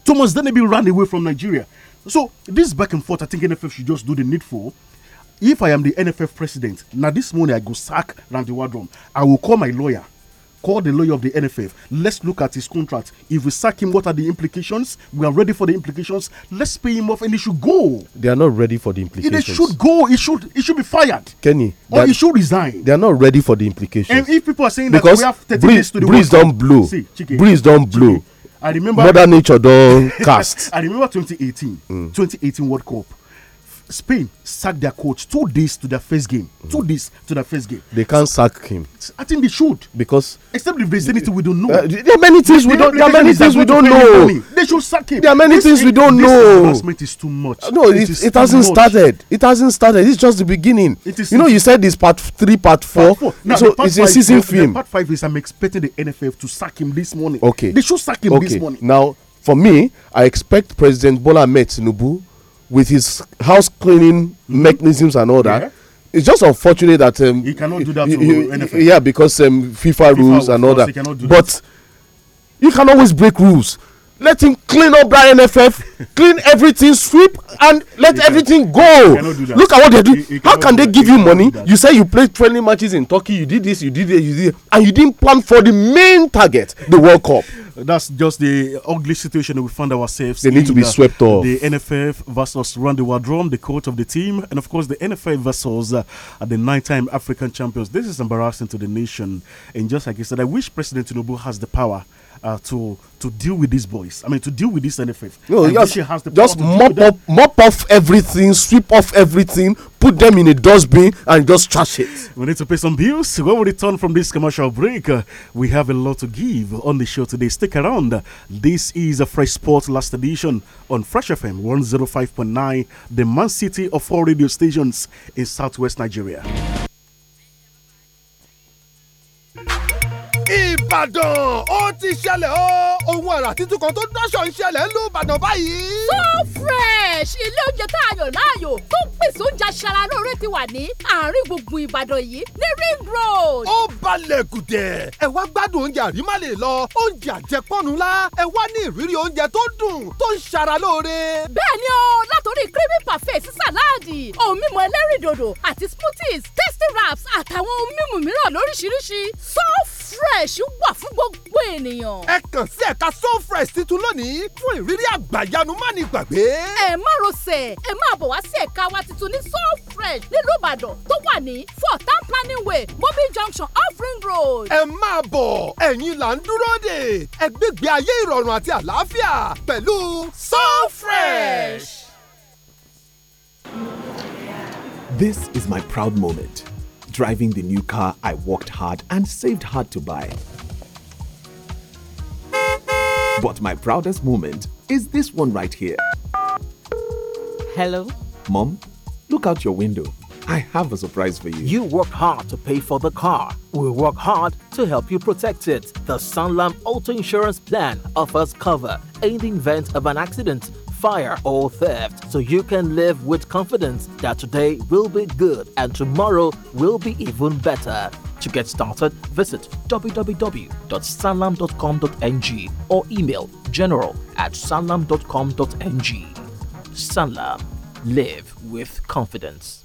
Thomas Denebi ran away from Nigeria. So this back and forth, I think NFF should just do the needful. If I am the NFF president, now this morning I go sack Randy Wardrum. I will call my lawyer Call the lawyer of the NFF. Let's look at his contract. If we sack him, what are the implications? We are ready for the implications. Let's pay him off and he should go. They are not ready for the implications. He should go. He should he should be fired. Kenny. Or he should resign. They are not ready for the implications. And if people are saying because that we have 30 days to the breeze don't blow. See, chicken. breeze don't blow. I remember Mother Nature don't cast. I remember 2018. Mm. 2018 World Cup Spain sacked their coach two days to their first game. Mm. Two days to their first game. They can't so, sack him. I think they should. Because except the vicinity, we don't know. Uh, there are many things we don't. There are many things we don't know. They should sack him. There are many this things we don't this know. Harassment is too much. Uh, no, it, it, it hasn't much. started. It hasn't started. It's just the beginning. It is. You know, you said this part three, part four. Part four. Now, so part it's a season is, film. Part five is I'm expecting the NFF to sack him this morning. Okay. They should sack him okay. this morning. Now, for me, I expect President Bola Met Nubu with his house cleaning mechanisms and all that. Yeah. It's just unfortunate that um, he cannot do that. He, he, yeah, because um, FIFA, FIFA rules and all that. But you can always break rules let him clean up that NFF, clean everything, sweep, and let everything go. Look at what they do. How can they give you money? You say you played 20 matches in Turkey, you did this, you did that, you did, and you didn't plan for the main target, the World Cup. That's just the ugly situation we found ourselves. They need to be swept off. The NFF versus Randy Wadrom, the coach of the team, and of course the NFF versus uh, the nine-time African champions. This is embarrassing to the nation. And just like you said, I wish President Tinubu has the power uh, to to deal with these boys. I mean, to deal with this NFF. No, and yes, has the just mop up, mop off everything, sweep off everything, put them in a dustbin, and just trash it. We need to pay some bills. When we return from this commercial break, uh, we have a lot to give on the show today. Stick around. This is a Fresh sports Last Edition on Fresh FM 105.9, the Man City of all radio stations in Southwest Nigeria. ìbàdàn ó ti ṣẹlẹ̀ ó ohun àrà títún kan tó dáṣọ ń ṣẹlẹ̀ ń lu ìbàdàn báyìí. so fresh ilé oúnjẹ tá a yàn láàyò tó ń pèsè oúnjẹ aṣara lóore ti wà ní àárín gbùngbùn ìbàdàn yìí ní ring road. ó balẹ̀ gùdẹ̀ ẹ wá gbádùn oúnjẹ àrímá lè lọ oúnjẹ àjẹpọ́nu la ẹ wá ní ìrírí oúnjẹ tó dùn tó ń ṣara lóore. bẹ́ẹ̀ ni o látòrí creamy parfait sí sàláàdì ohun mímu ẹlẹ́rìndòdò àti smoothies tasty wraps àtàwọn ohun mímu mìíràn lóríṣiríṣi so fresh fresh wà fún gbogbo ènìyàn. ẹ kàn sí ẹ̀ka so fresh titun lónìí fún ìrírí àgbàyanu má ní gbàgbé. ẹ má rọsẹ̀ ẹ máa bọ̀ wá sí ẹ̀ka wa titun ní so fresh nílùú ìbàdàn tó wà ní four town way mobil junction off ring road. ẹ máa bọ̀ ẹ̀yin là ń dúró dè ẹ ayé ìrọ̀rùn àti àlàáfíà pẹ̀lú so fresh. This is my proud moment. driving the new car I worked hard and saved hard to buy. But my proudest moment is this one right here. Hello? Mom, look out your window. I have a surprise for you. You worked hard to pay for the car. We work hard to help you protect it. The Sunlam Auto Insurance Plan offers cover in the event of an accident fire or theft so you can live with confidence that today will be good and tomorrow will be even better. To get started, visit www.sanlam.com.ng or email general at sanlam.com.ng. Sanlam. Live with confidence.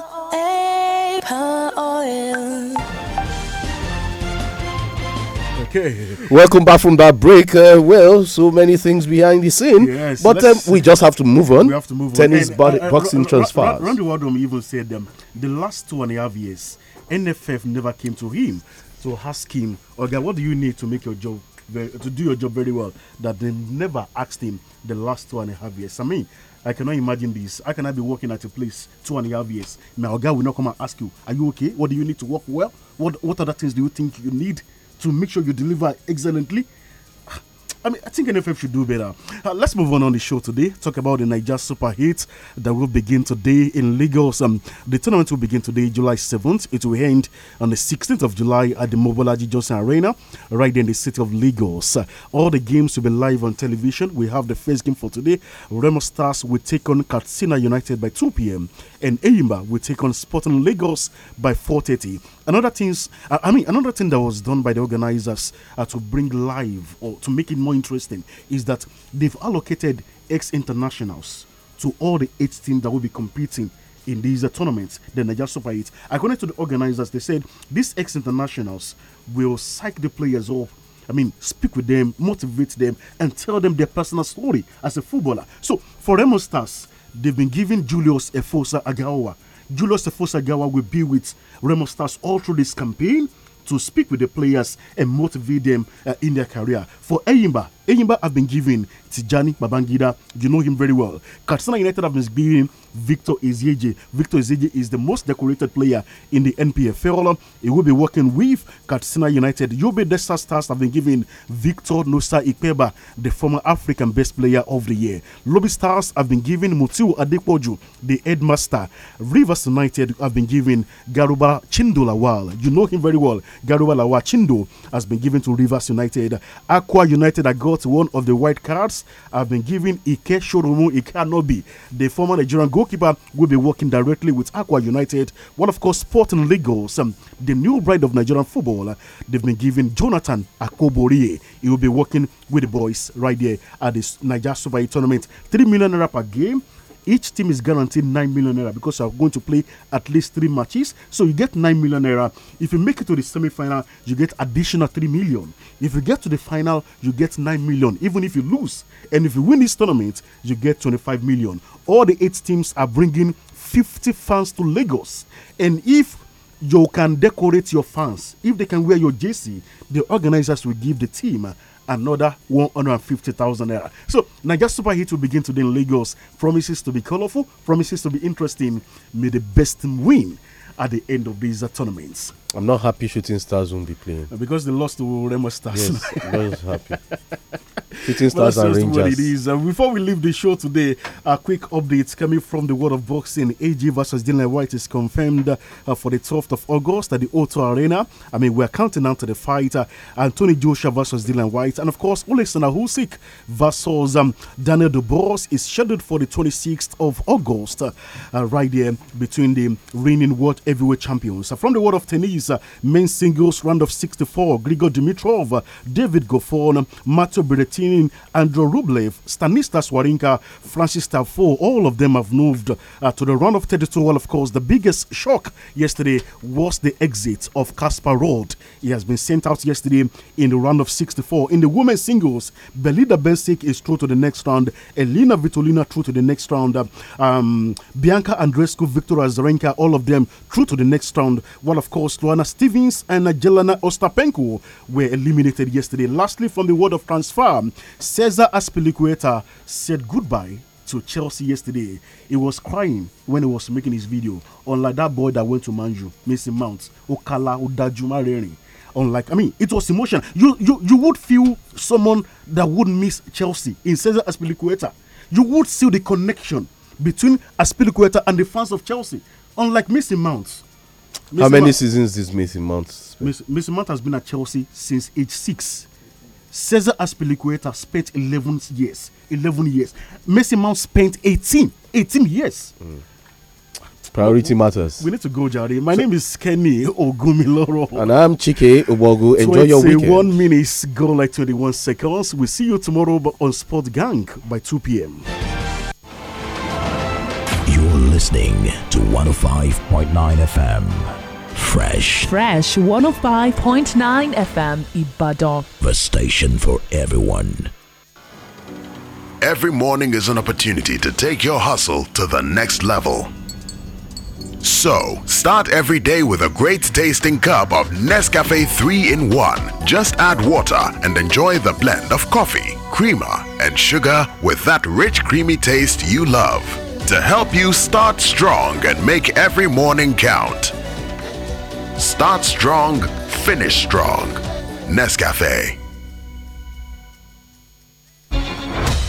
Okay. Welcome back from that break. Uh, well, so many things behind the scene. Yes, but um, we just have to move on. We have to move on. Tennis, uh, boxing, uh, transfers. Randy Wardom even said them um, the last two and a half years, NFF never came to him to ask him, okay, what do you need to make your job very, to do your job very well? That they never asked him the last two and a half years. I mean, I cannot imagine this. I cannot be working at a place two and a half years. My guy will not come and ask you, Are you okay? What do you need to work well? What, what other things do you think you need to make sure you deliver excellently? I mean, I think NFF should do better. Uh, let's move on on the show today. Talk about the Niger Super Heat that will begin today in Lagos. Um, the tournament will begin today, July 7th. It will end on the 16th of July at the Mobolaji Johnson Arena, right in the city of Lagos. Uh, all the games will be live on television. We have the first game for today. Remo Stars will take on Katsina United by 2 p.m. and Eyimba will take on Sporting Lagos by 4:30. Another things, uh, I mean, another thing that was done by the organizers uh, to bring live or to make it more more interesting is that they've allocated ex internationals to all the eight teams that will be competing in these uh, tournaments, the Niger Super 8. According to the organizers, they said these ex internationals will psych the players up. I mean, speak with them, motivate them, and tell them their personal story as a footballer. So, for Remo Stars, they've been giving Julius Efosa Agawa. Julius Efosa Agawa will be with Remo Stars all through this campaign to speak with the players and motivate them uh, in their career. For Eyimba, Eyimba have been given Tijani Babangida. You know him very well. Katsina United have been giving Victor Ezieje. Victor Ezieje is the most decorated player in the NPFL. He will be working with Katsina United. Yobe Desa Stars have been giving Victor Nusa Ikeba, the former African best player of the year. Lobby Stars have been giving Mutiu Adepoju, the headmaster. Rivers United have been giving Garuba Chindo Lawal. You know him very well. Garuba Lawal Chindo has been given to Rivers United. Aqua United have got one of the white cards i have been given Ike Shoromu Ike the former Nigerian goalkeeper, will be working directly with Aqua United. Well, of course, Sporting Lagos, um, the new bride of Nigerian football, uh, they've been given Jonathan Akoborie. He will be working with the boys right there at this Niger Super Tournament. 3 million naira per game each team is guaranteed 9 million naira because you're going to play at least three matches. So you get 9 million naira. If you make it to the semi final, you get additional 3 million. If you get to the final, you get 9 million, even if you lose. And if you win this tournament, you get 25 million. All the eight teams are bringing 50 fans to Lagos. And if you can decorate your fans, if they can wear your jersey, the organizers will give the team another 150,000 naira. So Niger Super Heat will begin today in Lagos. Promises to be colorful, promises to be interesting. May the best team win at the end of these tournaments. I'm not happy Shooting Stars won't be playing. Uh, because they lost to Remo Stars. Yes, not happy. Shooting Stars well, and Rangers. What it is. Uh, before we leave the show today, a quick update coming from the world of boxing. AG versus Dylan White is confirmed uh, for the 12th of August at the O2 Arena. I mean, we're counting down to the fight. Uh, Anthony Joshua versus Dylan White. And of course, Oleksandr Husik versus um, Daniel Dubois is scheduled for the 26th of August, uh, right there between the reigning world heavyweight champions. Uh, from the world of tennis, Davis, uh, men's singles round of 64, Grigor Dimitrov, uh, David Goffon, Mato Berrettini, Andrew Rublev, Stanislas Warinka, Francis Tafo, all of them have moved uh, to the round of 32. Well, of course, the biggest shock yesterday was the exit of Kaspar Rod. He has been sent out yesterday in the round of 64. In the women's singles, Belinda Besic is through to the next round, Elena Vitolina through to the next round, um, Bianca Andrescu, Victoria Zarenka, all of them through to the next round. Well, of course, Joanna Stevens and Jelena Ostapenko were eliminated yesterday. Lastly, from the world of transfer, Cesar Aspiliqueta said goodbye to Chelsea yesterday. He was crying when he was making his video, unlike that boy that went to Manju, missing Mount, Okala Udajuma Rering. Unlike, I mean, it was emotional. You you you would feel someone that would miss Chelsea in Cesar Aspiliqueta. You would see the connection between Aspiliqueta and the fans of Chelsea. Unlike missing Mount, how many seasons is Messi Mount? Messi Mount has been at Chelsea since age six. Cesar Aspilicueta spent 11 years. 11 years. Messi Mount spent 18. 18 years. Mm. Priority matters. We need to go, Jari. My so, name is Kenny Ogumiloro. And I'm Chike Obogu. Enjoy your weekend. 21 minutes, go like 21 seconds. We'll see you tomorrow on Sport Gang by 2 p.m listening to 105.9 FM. Fresh. Fresh 105.9 FM Ibadan. The station for everyone. Every morning is an opportunity to take your hustle to the next level. So, start every day with a great tasting cup of Nescafe 3 in 1. Just add water and enjoy the blend of coffee, creamer, and sugar with that rich, creamy taste you love to help you start strong and make every morning count. Start strong, finish strong. Nescafe.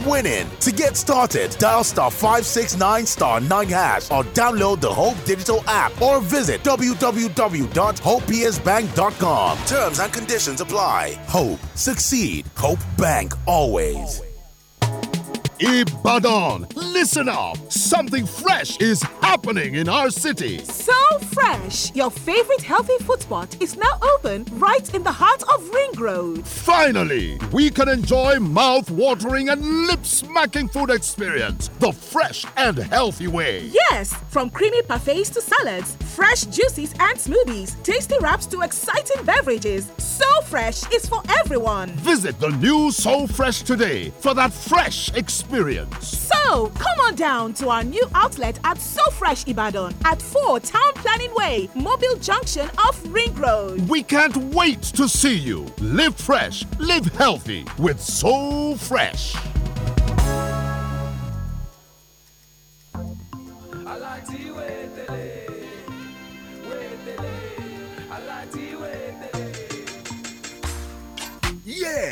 of winning. To get started, dial star 569 star 9 hash or download the Hope Digital app or visit www.hopeisbank.com. Terms and conditions apply. Hope, succeed. Hope Bank, always. always. Ibadan. Listen up. Something fresh is happening in our city. So fresh. Your favorite healthy food spot is now open right in the heart of Ring Road. Finally, we can enjoy mouth-watering and lip-smacking food experience the fresh and healthy way. Yes, from creamy parfaits to salads Fresh juices and smoothies, tasty wraps to exciting beverages. So Fresh is for everyone. Visit the new So Fresh today for that fresh experience. So, come on down to our new outlet at So Fresh Ibadan at 4 Town Planning Way, Mobile Junction off Ring Road. We can't wait to see you. Live fresh, live healthy with So Fresh.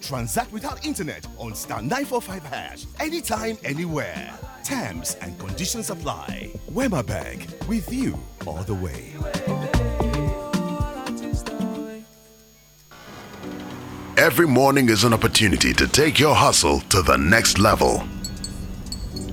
transact without internet on star 945 hash anytime, anywhere. Terms and conditions apply. Wema Bank, with you all the way. Every morning is an opportunity to take your hustle to the next level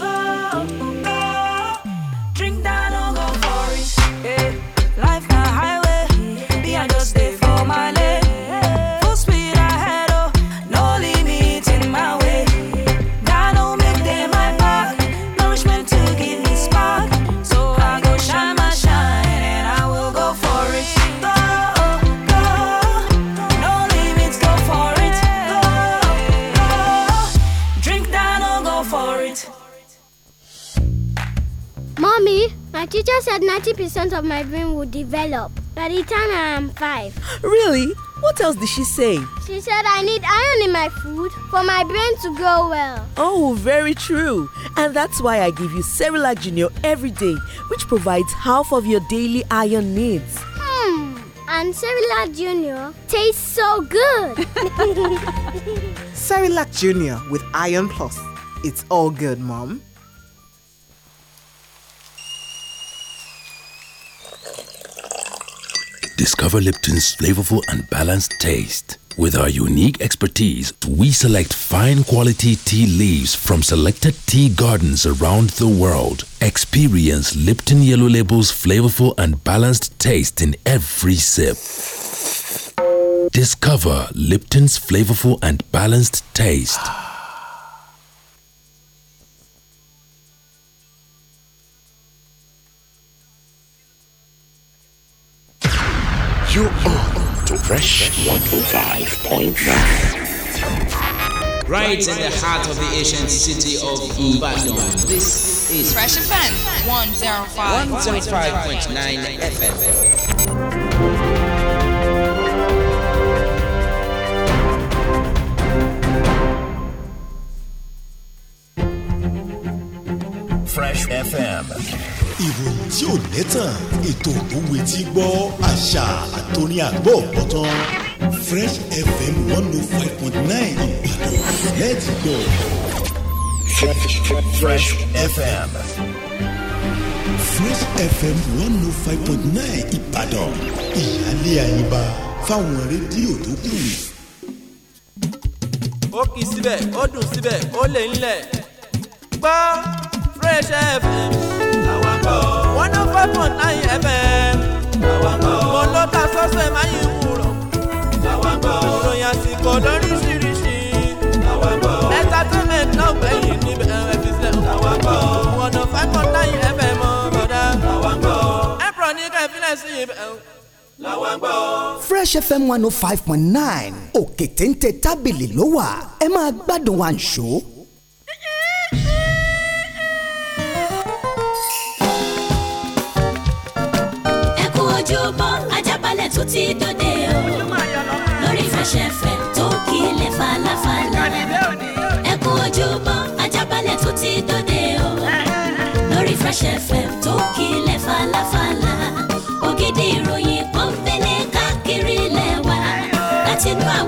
Oh. My teacher said 90% of my brain will develop by the time I am five. Really? What else did she say? She said I need iron in my food for my brain to grow well. Oh, very true. And that's why I give you Cerilac Junior every day, which provides half of your daily iron needs. Hmm. And Cerilac Junior tastes so good. Cerilac Junior with Iron Plus. It's all good, Mom. Discover Lipton's flavorful and balanced taste. With our unique expertise, we select fine quality tea leaves from selected tea gardens around the world. Experience Lipton Yellow Label's flavorful and balanced taste in every sip. Discover Lipton's flavorful and balanced taste. Fresh 105.9. Right in the heart of the ancient city of Ibadan, this is Fresh FM 105.9 FM. Fresh FM ìròyìn tí ò lẹ́tàn ètò òwe tí gbọ́ àṣà àtòrin àgbọ̀ ọ̀tán Fresh FM one oh five point nine Ìbàdàn let's go. Fresh FM Fresh FM one oh five point nine Ìbàdàn ìyáálé àyíbá fáwọn rédíò tó kù. ó kì í síbẹ̀ ó dùn síbẹ̀ ó lè ń lẹ̀ gbọ́ Fresh FM fresh fm one oh five point nine òkè téńté tábìlì ló wà ẹ máa gbádùn àǹṣó. tún ti dòde o lórí fẹsẹ̀fẹ̀ tó kílẹ̀ falafala ẹ kú ojúmọ́ ajábalẹ̀ tún ti dòde o lórí fẹsẹ̀fẹ̀ tó kílẹ̀ falafala ògidì ìròyìn kan fẹ́lẹ́ káàkiri lẹ́wà látinú àwọn.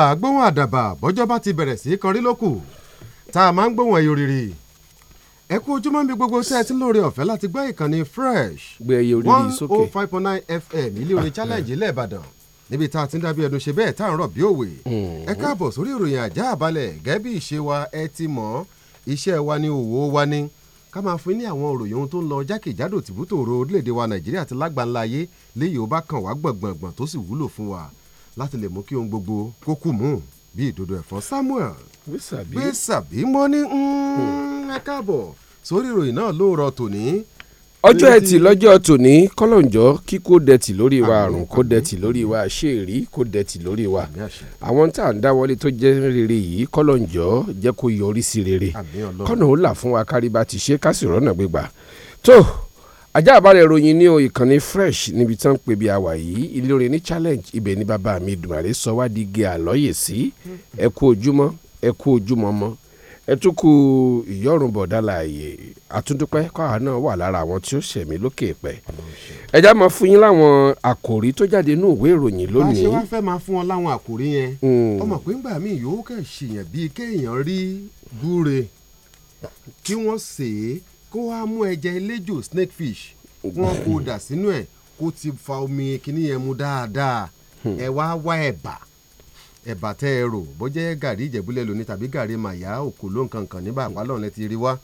là á gbóhùn àdàbà bọ́jọ́ bá ti bẹ̀rẹ̀ sí kọrí lókù tá a máa ń gbóhùn ẹyọ rírì ẹ kú ojúmọ́ mi gbogbo ṣe é tí lóore ọ̀fẹ́ láti gbọ́ ìkànnì fresh one oh five point nine fm ilé orin challenge ilẹ̀ ìbàdàn níbi tá a ti ń dábí ẹnu ṣe bẹ́ẹ̀ tá à ń rọ̀ bí òwe mm-hmm. ẹ káàbọ̀ sórí ìròyìn àjá àbálẹ̀ gẹ́bí ìṣe wa ẹ ti mọ̀ iṣẹ́ wa ni òwò wa ni ká máa fún ní àwọn òròyìn ohun tó ń lọ jákèjádò tìbútòrò orílẹ̀-èdè wa nàìjíríà ti lágbàńlá léyìí ó bá kàn wá gbọ̀ngbọ̀ngbọ̀n tó sì wúlò fún wa láti lè mú kí ohun gbogbo kó kù mú bí ìdodo ẹ̀fọn Samuel gbé sàbí mọ́ ní mm, ẹ káàbọ̀ sórí ìròyìn náà lóòrọ̀ tòní ọjọ́ ẹtì lọ́jọ́ tòní kọ́lọ́njọ́ kí kó dẹ̀tì lórí wa àrùn kó dẹ̀tì lórí wa ṣéèrí kó dẹ̀tì lórí wa àwọn tá à ń dáwọ́lé tó jẹ́ rere yìí kọ́lọ́njọ́ jẹ́ kó yọrí sí rere kọ́nà ó là fún wa kárí ti ṣe kásìrọ́nà gbégbà tó ajá àbálẹ̀ ìròyìn ní o ìkànnì fresh níbi tí wọ́n ń pè bí àwà yìí ilé orin ní challenge ibẹ̀ ní bàbá mi dùmàrè sọ wá di ge àlọ́yè sí ẹ kú ojúmọ́ ẹ kú ojúmọ́ mọ́ ẹ tún kú ìyọ́rùn bọ̀dá láàyè àtúndúpẹ́ káwa náà wà lára àwọn tí ó ṣẹ̀mí lókè pẹ́ ẹ já máa fún yín láwọn àkòrí tó jáde nínú ìwé ìròyìn lónìí. wọ́n ṣe wá fẹ́ máa fún ọ láwọn àkòrí yẹn hmm. ọmọ pé ńgbà míì yóò kẹ́ ṣèyàn bíi kéèyàn rí gúre kí wọ́n sèé kó wá mú ẹja eléjò snakefish wọn kó dà sínú ẹ kó ti fa omi kíní yẹn mu dáadáa hmm. ẹ wá wá ẹ̀bà ẹ̀bà tẹ́ ẹ rò bójẹ́ gàrí ìjẹ̀búlẹ̀ lónìí tàbí gàrí màyà òkú ló nǹkan kan níbà àpálọ̀ lẹ ti rí wá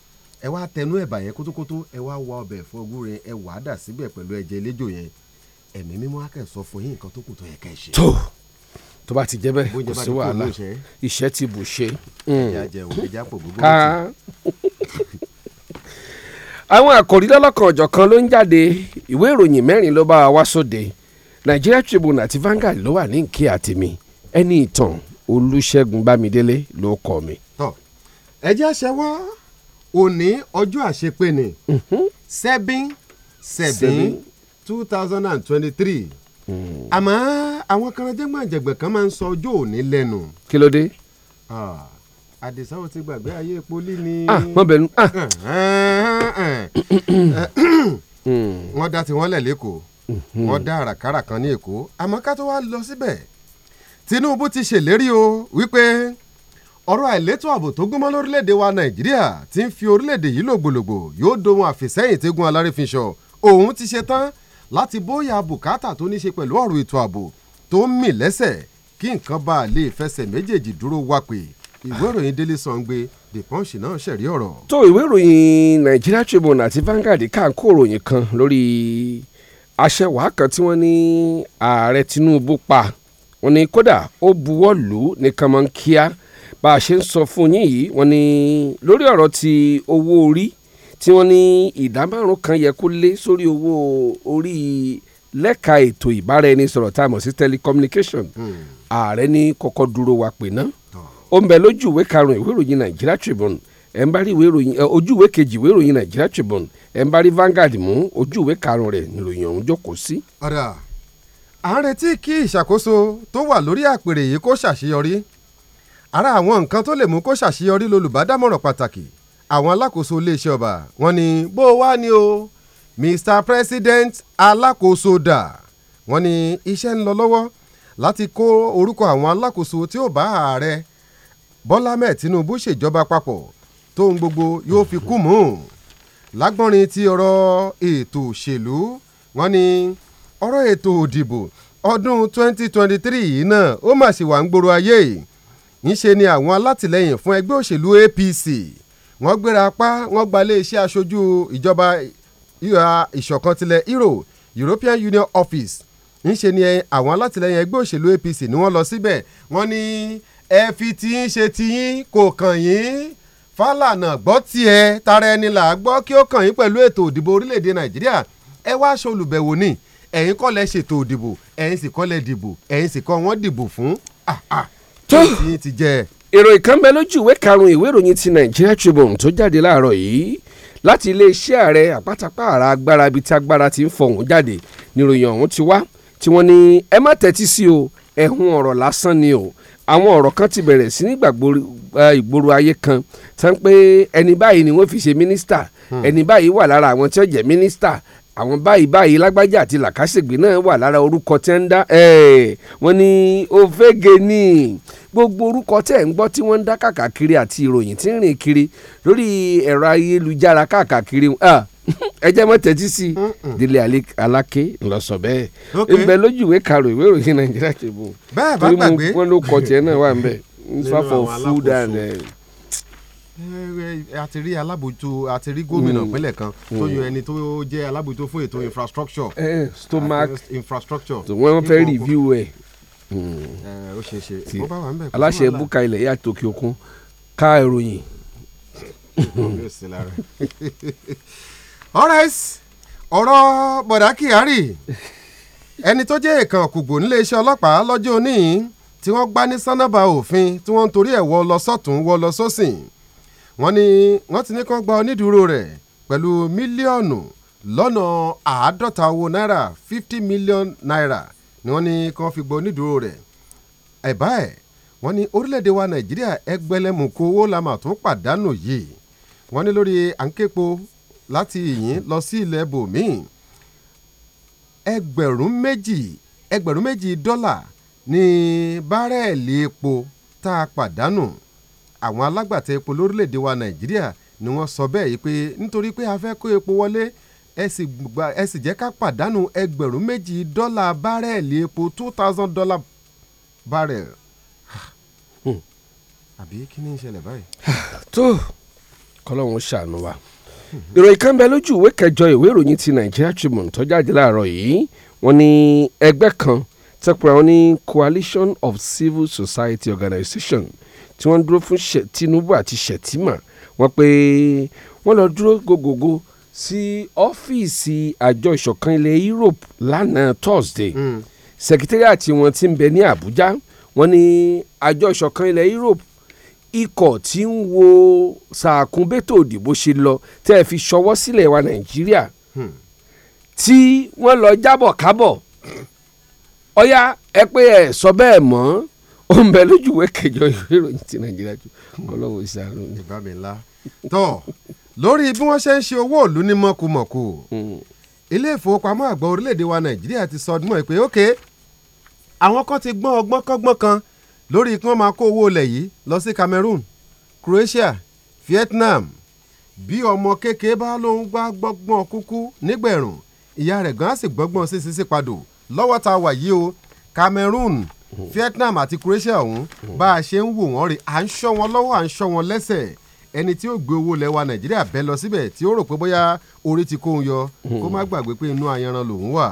ẹ wá tẹnu ẹ̀bà yẹn kótókótó ẹ wá wá ọbẹ̀ ẹ̀fọ́ gúre ẹ wà á dà síbẹ̀ pẹ̀lú ẹja eléjò yẹn ẹ̀mí mímọ́ á sọ fún yín nǹkan tó kù tó yẹ ká ẹ ṣe. tó tó bá ti jẹ́ bẹ́ẹ̀ kò sí wàhálà iṣẹ́ ti bù ṣe. ẹja jẹun ẹja pò gbogbo ti. àwọn àkòrí lọ́lọ́kan kan ló ń jáde ìwé ìròyìn mẹ́rin ló bá wa sóde Nigeria Tribune àti Vanguard ló wà ní ìkí àtìmí ẹni ìtàn Olúṣẹ́gun Bámidélé ló kọ mi. ẹjẹ́ wá òní ọjọ́ àṣepé ni mhm. sẹ́bìn sẹ́bìn two thousand and twenty-three hmm. àmọ́ àwọn kan jẹ́gbọ̀n kan máa ń sọ ọjọ́ òní lẹ́nu. kí ló dé. Ah. àdìsá ò ti gbàgbé ayé poli ni. Ah, mọ bẹnu. Ah. wọ́n da tiwọn lẹ̀ lẹ́kọ̀ọ́ mhm. wọ́n dá àràkàrà kan ní èkó àmọ́ ká tó wá lọ síbẹ̀ Tinubu ti ṣèlérí o wípé ọ̀rọ̀ àìlétò ààbò tó gúnmọ́ lórílẹ̀ wa Nàìjíríà ti ń fi orílẹ̀‐èdè yìí lògbòlògbò yóò dohun àfìsẹ́yìn tẹ́gun alárẹ́fiṣọ òun ti ṣe tán láti bóyá bùkátà tó ní ṣe pẹ̀lú ọ̀rọ̀ ètò ààbò tó ń mì lẹ́sẹ̀ kí nǹkan bá a lè fẹsẹ̀ méjèèjì dúró wápè ìwé ìròyìn Daily Sun The Punch náà ṣẹ̀rí ọ̀rọ̀. tó ìwé ìròyìn Nigeria Tribune àti Vanguard kà ń kó ìròyìn kan lórí aṣẹwàá kan tí wọ́n ní ààrẹ Tinubu pa wọ́n ní kódà ó buwọ́ lù ú ní kànmọ́nkíá bá a ṣe ń sọ fún yín yìí wọ́n ní lórí ọ̀rọ̀ ti owó orí tí wọ́n ní ìdá márùn kan yẹ kó lé sórí owó orí lẹ́ka ètò ìbáraẹnisọ̀rọ̀ tá sí telecommunication hmm. ààrẹ ní kọ́kọ́ dúró wa pè náà ó ń bẹ lójú ìwé karùn-ún ìwé ìròyìn Nigeria Tribune ẹ̀ ń bá rí ìwé ìròyìn ojú ìwé kejì ìwé ìròyìn Nigeria Tribune ẹ̀ ń bá rí Vanguard mú ojú ìwé karùn-ún rẹ̀ níròyìn ọ̀hún jókòó sí. ọ̀rà à ń retí kí ìṣàkóso tó wà lórí àpèrè yìí kó ṣàṣeyọrí ara àwọn nǹkan tó lè mú kó ṣàṣeyọrí lolùbádámọ̀ràn pàtàkì àwọn alákòóso iléeṣẹ́ ọba wọ́n ní bó wá ni o Mr President alákòóso dà wọ́n ní iṣẹ́ ń lọ lọ́wọ́ láti kó orúkọ àwọn alákòóso tí ó bá ààrẹ Bọ́lá Ahmed Tinubu ṣèjọba papọ̀ tóun gbogbo yóò fi kú mú un lágbọ́nrin ti ọ̀rọ̀ ètò òṣèlú wọ́n ní ọ̀rọ̀ ètò òdìbò ọdún 2023 yìí náà ó mà sì wà ń gbòòrò ayé ńṣe ni àwọn alátìlẹyìn fún ẹgbẹ́ òṣèlú APC wọ́n gbéra apá wọ́n gba iléeṣẹ́ aṣojú ìjọba ìṣọ̀kan tilẹ̀ euro European Union Office ńṣe ni àwọn alátìlẹyìn ẹgbẹ́ òṣèlú APC ni wọ́n lọ síbẹ̀ wọ́n ní. Ni ẹ fi tiyín ṣe tiyín kò kàn yín Fálànà gbọ́ tiẹ̀ tara ẹni là á gbọ́ kí ó kàn yín pẹ̀lú ètò òdìbò orílẹ̀-èdè Nàìjíríà ẹ wá aṣọ olùbẹ̀wò ni ẹ̀yin kọ́ lẹ ṣètò òdìbò ẹ̀yin sì kọ́ lẹ dìbò ẹ̀yin sì kọ́ wọ́n dìbò fún tó tiyín ti jẹ. ìròyìn kan bẹ lójú ìwé karùn-ún ìwé ìròyìn ti Nigeria Tribune tó jáde láàárọ̀ yìí láti iléeṣẹ́ ààrẹ àpátápààrà agbára ibi tí agbára ti ń fọ̀hún jáde níròyìn ọ̀hún ti wá tí wọ́n ní ẹ má tẹ́tí sí o ẹ̀hún ọ̀rọ̀ lásán ni o àwọn ọ̀rọ̀ kan ti bẹ̀rẹ̀ sí ní eh, ìgboro ayé kan tán pé ẹni báyìí ni wọ́n fi ṣe mínísítà hmm. ẹni báyìí wà lára àwọn tí ó jẹ́ mínísítà àwọn báyìí báyìí lágbájá àti làkàṣègbè náà wà lára orúkọ tí wọ́n ń dá eh, wọ́n ní ofege ní gbogbo orúkọ tẹ̀ ń gbọ́ tí wọ́n ń dá kàkàkiri àti ìròyìn tí ń rìn kiri lórí ẹ̀rọ ayélujára kàkàkiri ah, ẹ jẹ́ mọ́ tẹ́tí sí Délé Aláké ló sọ bẹ́ẹ̀ ń bẹ lójú ìwé karùn ìwé ìròyìn Nàìjíríà Tribune torí mo wọn ló kọ tiẹ̀ náà wà ń bẹ ń fàfọ̀ food and àti rí alábòjútó àti rí gómìnà mm. ìpínlẹ̀ kan tó mm. yan ẹni tó jẹ́ alábòjútó fún ètò infrastructure. Eh, stomach infrastructure. wọ́n fẹ́ review ẹ̀. Eh, ó ṣe ṣe ó bá wà ń bẹ̀. aláṣẹ búka ilẹ̀ yà tòkè òkun ká ìròyìn. alright ọ̀rọ̀ bọ̀dá kyari ẹni tó jẹ́ èèkàn kùgbò níléeṣẹ́ ọlọ́pàá lọ́jọ́ òní tí wọ́n gbá ní sánábà òfin tí wọ́n ń torí ẹ̀ wọ́ lọ sọ́tún wọ́ lọ sọ́sìn wọ́n ní wọ́n ti ní kán gba onídùúró rẹ̀ pẹ̀lú mílíọ̀nù lọ́nà àádọ́ta owó náírà fifty million naira ni wọ́n ní kán fi gba onídùúró rẹ̀ ẹ̀ báyìí wọ́n ní orílẹ̀-èdè wa nàìjíríà ẹgbẹ̀lẹ́mùkú owó la mà tún pàdánù yìí wọ́n ní lórí àǹkẹ́po láti ìyín lọ sí ilẹ̀ bòmíì ẹgbẹ̀rún méjì ẹgbẹ̀rún méjì dọ́là ní bárẹ́ẹ̀lì epo tá a pàdánù àwọn alágbàtà epo lórílẹ̀‐èdè wa nàìjíríà ni wọ́n sọ bẹ́ẹ̀ yìí pé nítorí pé a fẹ́ kó epo wọlé ẹ sì jẹ́ ká pàdánù ẹgbẹ̀rún méjì dọ́là bárẹ́ẹ̀lì epo two thousand dollar barrel hmm. àbí kí ni ń ṣẹlẹ̀ báyìí. Ah, tó kọ́lọ́hún ṣàánú wa ìròyìn kan bẹ lójú ìwé kẹjọ ìwé ìròyìn ti Nigeria Tribune tó jáde láàárọ̀ yìí wọ́n ní ẹgbẹ́ kan tẹ́pẹ́ wọn ní Coalition of Civil Society organisation tí wọ́n dúró fún Tinubu àti Shettima wọ́n pé wọ́n lọ dúró gògògò sí ọ́fíìsì àjọ ìṣọ̀kan ilẹ̀ Europe lánàá Thursday mm. sekitariat wọn ti ń bẹ ní Abuja wọ́n ní àjọ ìṣọ̀kan ilẹ̀ Europe ikọ̀ tí ń wo sàkúnbẹ́tò òdìbò ṣe lọ tẹ́ ẹ fi ṣọwọ́ sílẹ̀ wa nàìjíríà hmm. tí wọ́n lọ jábọ̀ kábọ̀ ọ̀yá ẹ pé ẹ sọ bẹ́ẹ̀ mọ́ ó ń bẹ lójú ìwé kẹjọ ìwé ìròyìn ti nàìjíríà jù ọlọ́wọ́ ìsàlù. ìbá tọ́ lórí bí wọ́n ṣe ń ṣe owó ìlú ní mọ̀kùmọ̀kù hmm. ilé ìfowópamọ́ àgbà orílẹ̀-èdè wa nàìjíríà ti sọ ọdún mọ́ ẹ pé ókè àwọn kan ti gbọ́n ọgbọ́n kọ́gbọ́n kan lórí kí wọ́n máa kó owó ilẹ̀ yìí lọ sí Cameroon Croatia Vietnam bí ọmọ kékeré bá ló ń gbá gbọ́gbọ́n kúkú nígbẹ̀rùn ìyá rẹ̀ gan-an sì gbọ́gbọ́n sí sísí padò lọ́wọ́ tá a wà yìí o Cameroon Vietnam àti Croatia ọ̀hún bá a ṣe ń wò wọ́n rí à ń ṣọ́ wọn lọ́wọ́ à ń ṣọ́ wọn lẹ́sẹ̀ ẹni tí ó gbé owó lẹ́wà nàìjíríà bẹ́ lọ síbẹ̀ tí ó rò pé bóyá orí ti kóun yọ kó má gbàgbé pé inú ayanran lòun wà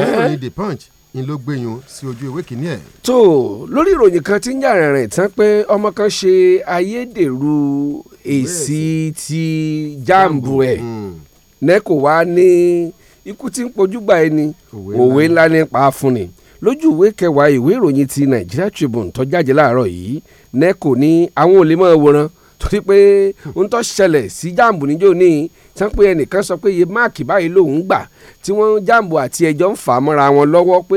ìwé ìròyìn The Punch n ló gbẹ̀yìn sí ojú ìwé kìíní ẹ̀. tó lórí ìròyìn kan tí ń yà rìnrìn tán pé ọmọ kan ṣe ayédèrú èsì ti jáàmbù ẹ̀ hmm. nẹ́kò wá ní ikú tí ń pojú ẹni òwe ńlá ní pa fún ni lójú ìwé kẹwàá ìwé ìròyìn ti Nigeria Tribune tó jáde láàárọ̀ yìí nẹ́kò ní àwọn ò lè máa wòran torí pé ohun tó ṣẹlẹ̀ sí jàǹbù níjó ní tán pé ẹnìkan sọ pé iye máàkì báyìí lòun gbà tí wọ́n jàǹbù àti ẹjọ́ ń fà á mọ́ra wọn lọ́wọ́ pé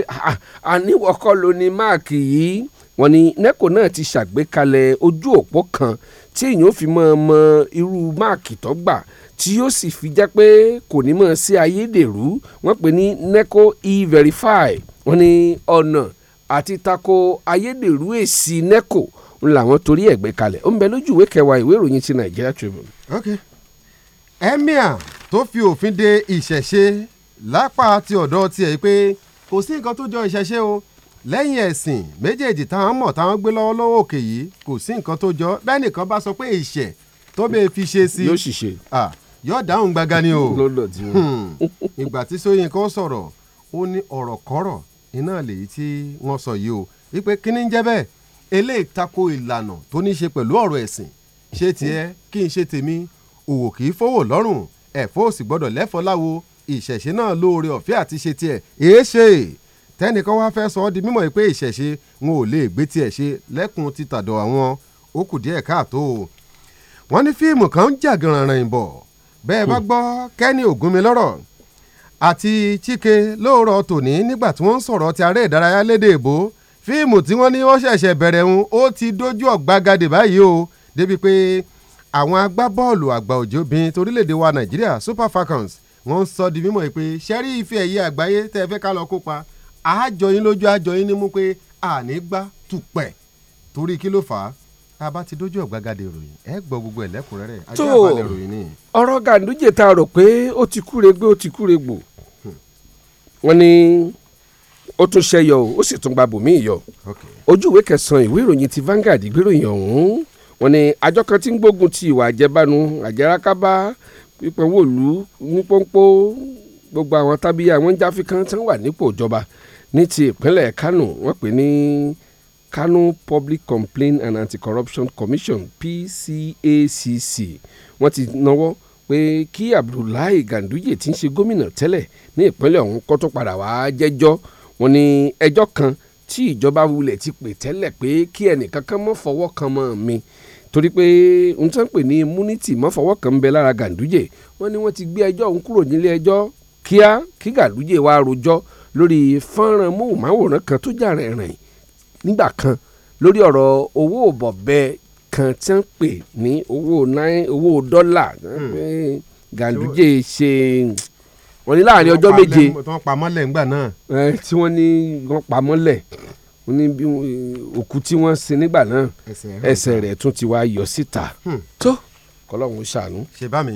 àníwọ̀kọ́ ló ní máàkì yìí wọ́n ní neco náà ti ṣàgbékalẹ̀ ojú òpó kan tí èèyàn ò fi mọ ọmọ irú máàkì tó gbà tí yóò sì fi jẹ́ pé kò ní mọ̀ sí ayédèrú wọ́n pè ní neco e-verify wọ́n ọ̀nà àti tako ayédèrú èsì neco ń làwọn torí ẹ̀ gbé kalẹ̀ ó ń bẹ lójú ìwé kẹwàá ìwé ìròyìn ti Nigeria Tribune. okay emir tó fi òfin de ìṣẹ̀ṣe lápá ti ọ̀dọ̀ tiẹ̀ pé kò sí nǹkan tó jọ ìṣẹ̀ṣe o lẹ́yìn ẹ̀sìn méjèèjì táwọn mọ̀ táwọn gbé lọ́wọ́ lọ́wọ́ òkè yìí kò sí nǹkan tó jọ bẹ́ẹ̀ nìkan bá sọ pé ìṣẹ̀ tó bẹ́ẹ̀ fi ṣe sí yóò sì ṣe yóò dáhùn gbaga ni o hmm. ìgbà tí Ṣóyínká sọ̀rọ̀ ó ní ọ̀rọ̀ kọ́rọ̀ iná lèyí tí wọ́n sọ yìí o wípé kíní ń jẹ́ bẹ́ẹ̀ eléyìí tako ìlànà tó ní í ṣe pẹ̀lú ọ̀rọ̀ ẹ̀sìn ṣé tiẹ̀ kí n ṣe tèmi òwò kì í fowó lọ́rùn ẹ̀fọ́ òsì gbọ́dọ̀ lẹ́fọ́ láwo ìṣẹ̀ṣe náà lóore ọ̀fẹ́ àti ṣe tiẹ̀ èé ṣe tẹ́nìkan wá fẹ́ sọ ọ́ di mímọ̀ pé ìṣẹ̀ṣe wọn ò lè gbé tiẹ̀ ṣe lẹ́kùn ti tàdọ̀ àwọn ó kù díẹ̀ káàtó wọ́n ní fíìmù kan ń jà gànràn ìbọ̀ bẹ́ẹ̀ bá hmm. gbọ́ kẹ́ni ògúnmilọ́rọ̀ àti chike lóòrọ̀ tòní nígbà tí wọ́n ń sọ̀rọ̀ ti aré ìdárayá lédè èbó fíìmù tí wọ́n ní wọ́n ṣẹ̀ṣẹ̀ bẹ̀rẹ̀ ń ó ti dójú ọ̀gbagadè báyìí o débi pé àwọn agbábọ́ọ̀lù àgbà òjò obìnrin torílẹ̀‐èdè wa nàìjíríà super falcons wọ́n ń sọ di mímọ̀ pé ṣẹ́rí ife ẹ̀yẹ àgbáyé tẹ́ ẹ fẹ́ ká lọ kópa àjọyín lójú àjọyín nímú pé àní gbá tùpẹ̀ torí kí ló fà á tá a bá ti dójú ọ̀gbagadè ìròyìn ẹ gbọ́ gbogbo ẹ̀ ni. ọ̀rọ̀ Ganduje ta rò pé ó ti kúregbé ó ti kúregbò hmm. wọ́n ní ó tún ṣẹyọ o ó sì tún gba bòmíì yọ ojú ìwé kẹsànán ìwé ìròyìn ti Vanguard gbéròyìn ọ̀hún wọ́n ní àjọ kan tí ń gbógun ti ìwà àjẹbánu àjẹrákábá pípẹ́wòlú ní pọ́npọ́ gbogbo àwọn tábíyà wọn ń jáfi kan tí wọ́n wà nípò ìjọba ní ti ìpínlẹ̀ Kánò wọ́n pè ní Kano Public Complaint and Anti-Corruption Commission PCACC wọ́n ti náwó pé kí Abdullahi Ganduje tí ń ṣe gómìnà tẹ́lẹ̀ ní ìpínlẹ̀ ọ̀hún kó tó padà wá jẹ́jọ́ wọ́n ní ẹjọ́ kan tí ìjọba wulẹ̀ ti pè tẹ́lẹ̀ pé kí ẹnìkan kan mọ́ fọwọ́ kan mọ́ mi torí pé n tán pè ní immunity mọ́ fọwọ́ kan ń bẹ lára Ganduje wọ́n ní wọ́n ti gbé ẹjọ́ òun kúrò nílé ẹjọ́ kíá kí Ganduje wá rojọ́ lórí fọ́nrán móhùnmáwòrán kan tó jà rẹ̀rìn nígbà kan lórí ọ̀rọ̀ owó bọ̀bẹ kan tí wọ́n pè ní owó dọ́là hmm. Ganduje ṣe. Hmm wọ́n ní láàrin ọjọ́ méje wọ́n pamọ́lẹ̀ ńgbà náà. ẹ tí wọ́n ní wọ́n pamọ́lẹ̀ wọ́n ní òkú tí wọ́n sin nígbà náà ẹsẹ̀ rẹ̀ tún ti wá yọ síta hmm. tó kọlọ́run ṣàánú. ṣe bá mi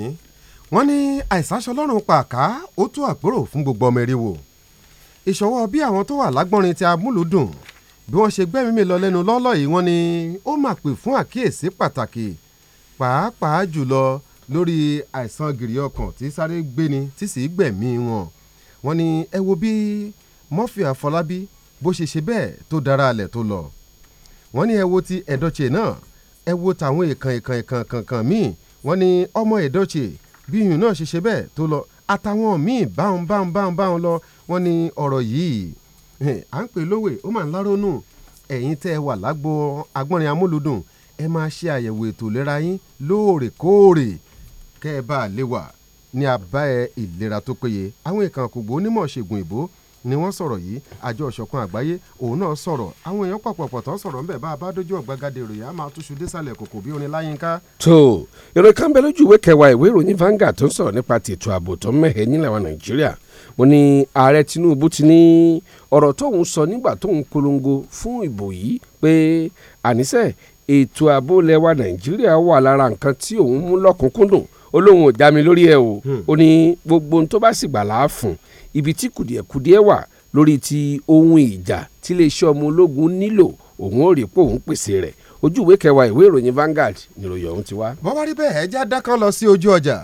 wọ́n ní àìsàṣọlọ́run pàká ó tó àpérò fún gbogbo ọmọ eré wò ìṣọwọ́ bí àwọn tó wà lágbọ́nrin ti amúlùdùn bí wọ́n ṣe gbẹ́mí mi lọ lẹ́nu lọ́lọ́ yìí wọ́n ní ó mà pè fún àkíyèsí pàtàkì pàápàá jùlọ lórí àìsàn gìrì ọkàn tí sáré gbéni tí sì gbẹ̀mí wọn wọ́n ní ẹ wo bí Murphy Àfọlábí bó ṣe ṣe bẹ́ẹ̀ tó dára alẹ̀ tó lọ wọ́n ní ẹ wo ti ẹ̀dọ́chè náà ẹ wo tàwọn ìkan ìkan ìkan kankan míì wọ́n ní ọmọ ẹ̀dọ́chè bí ìyún náà ṣe ṣe bẹ́ẹ̀ tó lọ àtàwọn míì báwọn báwọn báwọn báwọn lọ wọ́n ní ọ̀rọ̀ yìí à ń pè lówe ó mà ń lárónù ẹ̀yin tẹ́ ẹ wà lágbo agbọ́nrin amúlùdùn ẹ máa ṣe àyẹ̀wò ètò ìlera yín lóòrèkóòrè kẹ́ ẹ bá a lè wà ní abá ẹ ìlera tó péye àwọn ìkànnì kògbó onímọ̀ ṣègùn ìbò ni wọ́n sọ̀rọ̀ yìí àjọ ìṣọ̀kan àgbáyé òun náà sọ̀rọ̀ àwọn èèyàn pọ̀pọ̀pọ̀ tán sọ̀rọ̀ ńbẹ̀ bá a bá dójú ọ̀gbagadè ìròyìn a máa túṣu désàlẹ̀ kòkò bí orin láyínká. tó ìròyìn kan bẹ lójú ìwé kẹwàá ìwé ìròyìn Vanguard tó ń sọ̀rọ̀ nípa tètò ààbò tó ń mẹ́hẹ̀ nílẹ̀ wa Nàìjíríà mo ní ààrẹ Tinubu ti ní ọ̀rọ̀ tóun sọ nígbà tóun polongo fún ìbò yìí pé àníṣe ètò ààbò lẹwa Nàìjíríà wà lára nǹkan tí òun mú lọ́kùnkúndùn ó lóun ò já mi lórí ẹ o hmm. ó ní gbogbo ohun tó bá sì gbà láàfún ibi tí kùdìẹ̀kùdìẹ̀ wà lórí ti ohun ìjà tí iléeṣẹ́ ọmọ ológun nílò òun ò rí pé òun pèsè rẹ̀ ojú ìwé kẹwàá ìwé ìròyìn Vanguard níròyìn ọ̀hún ti wá. bọ́wá rí bẹ́ẹ̀ ẹja dákan lọ sí ojú ọjà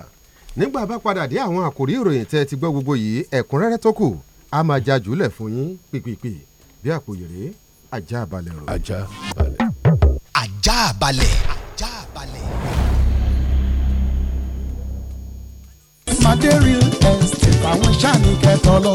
nígbà bá padà dé àwọn àkòrí ìròyìn tẹ́ ẹ ti gbọ́ gbogbo yìí ẹ̀kúnrẹ́rẹ́ tó kù a máa ja jùlẹ̀ fún yín pìpìpì bí àpò yèrè ajá balẹ̀ rò. ajá balẹ̀. ajá balẹ̀. ajá balẹ̀. Material real estate àwọn sáà ní kẹtọ lọ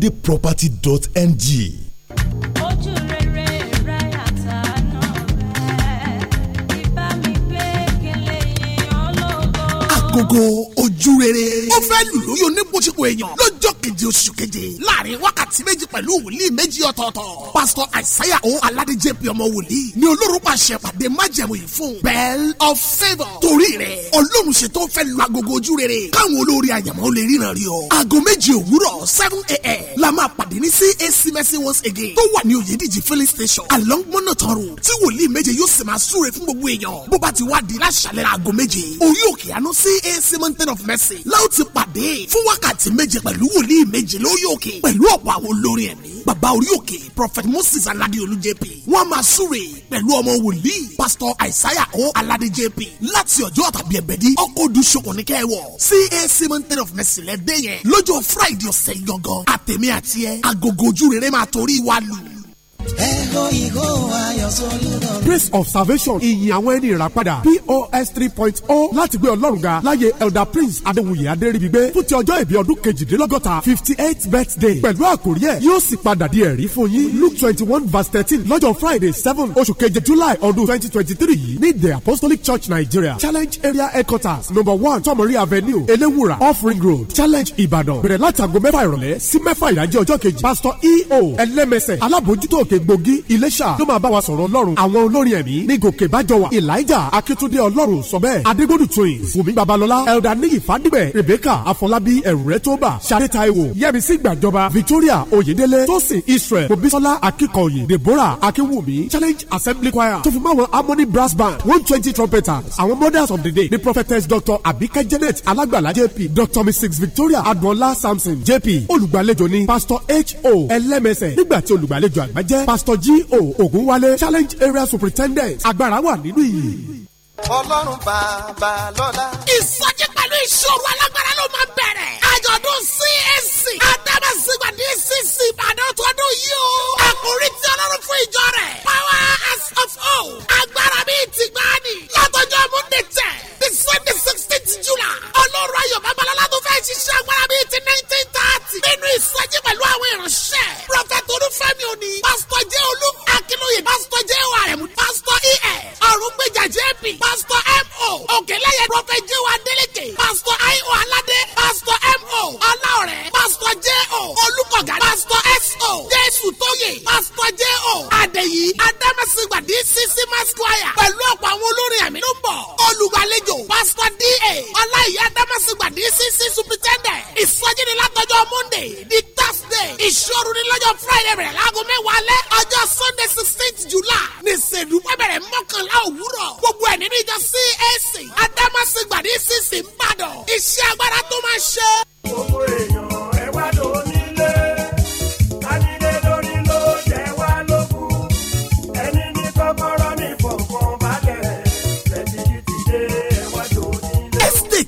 adeproperty.ng. ojú rere ju rere. ó fẹ́ lù lóyún onípòsípò èèyàn lọ́jọ́ keje oṣù keje láàrin wákàtí méjì pẹ̀lú wòlíì méjì ọ̀tọ̀ọ̀tọ̀. pásítọ̀ àìsáyà o aládéjé bí ọmọ wòlíì ni olórúkọ àṣepàdé májẹ̀mú yìí fún. bell of favour torí rẹ̀ ọlọ́run ṣètò fẹ́ lu agogo ojú rere káwọn olórí àyàmọ́ lè ríran rí ọ. aago méje òwúrọ̀ seven a.m. la máa pàdé ní cac mercy once again tó wà ní oyèdíjì filling station along mọ́nàtàn road tí wòlíì méje yóò sì máa súre fún gbogbo èèyàn bó bá ti wá di láṣàlẹ̀ aago méje orí òkè àánú cac mountain of fẹsẹ̀ láò ti pàdé fún wákàtí méje pẹ̀lú wòlíì méje lórí òkè pẹ̀lú ọ̀pọ̀ àwọn olórin ẹ̀mí bàbá orí òkè prophet moses aládé olú jp wọ́n máa súre pẹ̀lú ọmọ wòlíì pastor isaiah o aládé jp láti ọjọ́ tàbí ẹ̀bẹ̀dí ọkọ̀ odu ṣokùn ní kẹwọ̀ cac mountain of mercy lẹ́dẹ̀ yẹn lọ́jọ́ friday ọ̀sẹ̀ gangan àtẹ̀mí àti ẹ̀ agogo ojú rere máa torí wa lù Grace of Salvation ìyìn àwọn ẹni ìràpadà POS three point o oh, láti gbé Ọlọ́run ga láyé Elder Prince Adéwuyè Adéríbigbé fún ti ọjọ́ ìbí ọdún kejìdínlọ́gọ́ta fifty eight birthday pẹ̀lú àkórí ẹ̀ yóò sì padà di ẹ̀rí fún yín Luke twenty one verse thirteen lọ́jọ́ Friday seven oṣù keje July ọdún twenty twenty three yìí ní The Apostolic Church Nigeria Challenge Area Headquarters number one Tomori Avenue Elewura Offering Road Challenge Ìbàdàn bẹ̀rẹ̀ láti aago mẹ́fà ìrọ̀lẹ́ sí mẹ́fà ìdájẹ́ ọjọ́ kejì Pastor E.O. ẹlẹ́mẹsẹ̀ alábòjútó òkègbògi iléṣà ló máa bá wa sọ̀rọ̀ ọlọ́run àwọn olórin ẹ̀mí ní gòkè bájọ wà elijah akitunde ọlọ́run sọ bẹ́ẹ̀ adégúdù twins wùmí babalọ́lá elda níyì fádìbẹ̀ rebecca afọlábí ẹ̀rùrẹ́ tó bà sade taiwo yẹ́misí gbàjọba victoria Oyedele. tosin israel mobisola akikọ̀yè deborah akiwumi challenge assembly choir tó fi mọ́ harmony brass band one twenty trumpeters àwọn mothers of the day The prophetess Doctor abike janet alágbàlá jp dr mrs victoria adunola samson jp olùgbàlejò ni pastor h o ẹlẹ́mẹsẹ̀ nígbà tí olùgbàlejò àgbà jẹ́ pastor g o ògúnwálé challenge area superintendent agbára wà nínú iyì. ọlọ́run bàbá lọ́lá. ìsọjí pẹ̀lú ìṣòro alágbára ló máa bẹ̀rẹ̀. àjọ̀dún CAC àtàbàsígbà DCC ìbàdàn tọdún yìí o. àkòrí tí ọlọ́run fún ìjọ rẹ̀. power as of all. agbára bíi tìgbàanì. látọjọ́ monday ten the sunday sixteen july. ọlọ́run ayọ̀ babalọ́lá tó fẹ́ ṣiṣẹ́ agbára bíi ti nineteen wákàtí. nínú ìsọjí pẹ̀lú àwọn ìránṣẹ́. prọfẹ̀tì olúfẹ́mi òní. pásítọ̀ jẹ́ olú. akínóye pásítọ̀ j ọ̀run gbèjà jp pásítọ̀ mo òkèlẹ́yẹ prọfẹ̀t jẹ́wọ́ adélèké pásítọ̀ io aládé pásítọ̀ mo ọláọ̀rẹ́ pásítọ̀ jo olùkọ̀gá pásítọ̀ so jésù tóyè pásítọ̀ jo adéyí adámẹ́sìgbàdì sisi masquire pẹ̀lú ọ̀pọ̀ àwọn olórin ẹ̀mí ló ń bọ̀ olùgbàlejò pásítọ̀ da ọláìyá adámẹ́sìgbàdì sisi superintendent ìsọjí látọjọ́ monday di thursday ìṣòro ni lọ́jọ́ friday bẹ̀rẹ̀ láago mẹ́wàá alẹ́ ọjọ́ sunday sixteenth july ní sèdúpẹ́ bẹ̀rẹ̀ mọ́kànlá òwúrọ̀ gbogbo ẹ̀ nínú ìjọ CAC adámásígbàdí sísì ń bàdàn iṣẹ́ agbára tó máa ṣe. gbogbo èèyàn ẹ wá lónìí.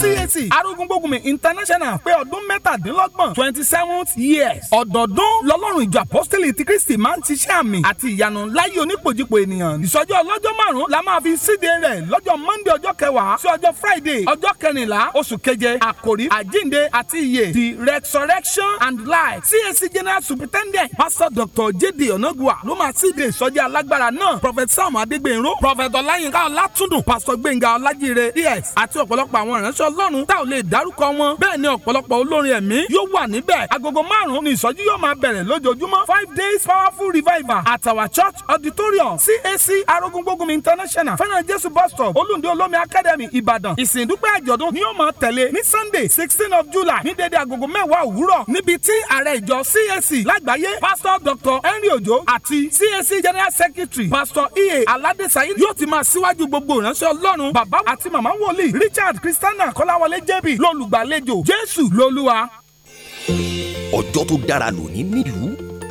CAC arógúngbógunmi international pé ọdún mẹ́tàdínlọ́gbọ̀n twenty seventh years ọ̀dọ̀ọdún lọ́lọ́run ìjọ apostoli ti kristi máa ń ṣiṣẹ́ àmì àti ìyanu láyé onípojìpo ènìyàn ìsọjí ọlọ́jọ́ márùn-ún la máa fi síde rẹ̀ lọ́jọ́ monday ọjọ́ kẹwàá sí ọjọ́ friday ọjọ́ kẹrìnlá oṣù keje àkòrí àjínde àti ìyè the resurrection and life CAC general superintendent pastor dr jd onagwa ló máa síde ìsọjí alágbára náà prophet sam adégbènró prophet ọláyínká ọlátúndùn pastor gbẹ̀ngà ọlájíire ds àti ọ̀pọ̀lọpọ̀ àwọn ìránṣẹ́ ọlọ́run tá ò lè dárúkọ wọn bẹ́ẹ̀ ni ọ̀pọ̀lọpọ̀ olórin ẹ̀mí yóò wà níbẹ̀ agogo márùn-ún ni ìsọjí yóò máa bẹ̀rẹ̀ lójoojúmọ́ five days powerful revival at our church auditorium CAC arógúngbógunmi international fẹ́ràn jésù bus stop olùdí olómi academy ìbàdàn ìsìndúpẹ́ àjọ̀dún ni yóò máa tẹ̀lé ní sunday sixteen of july ní dédé agogo mẹ́wàá òwúrọ̀ níbi tí ààrẹ ìjọ CAC lágbàáyé pastor dr henry ojo àti CAC general secretary pastor ea aladesayi yóò ti máa síwájú gbogbo ìránṣẹ́ ọlọ́run bàbá àti màmá wòlíì richard christiana kọ́láwọlé jébì lọ́lùgbàlejò jésù lolúwa. ọjọ́ tó dára lónìí nílùú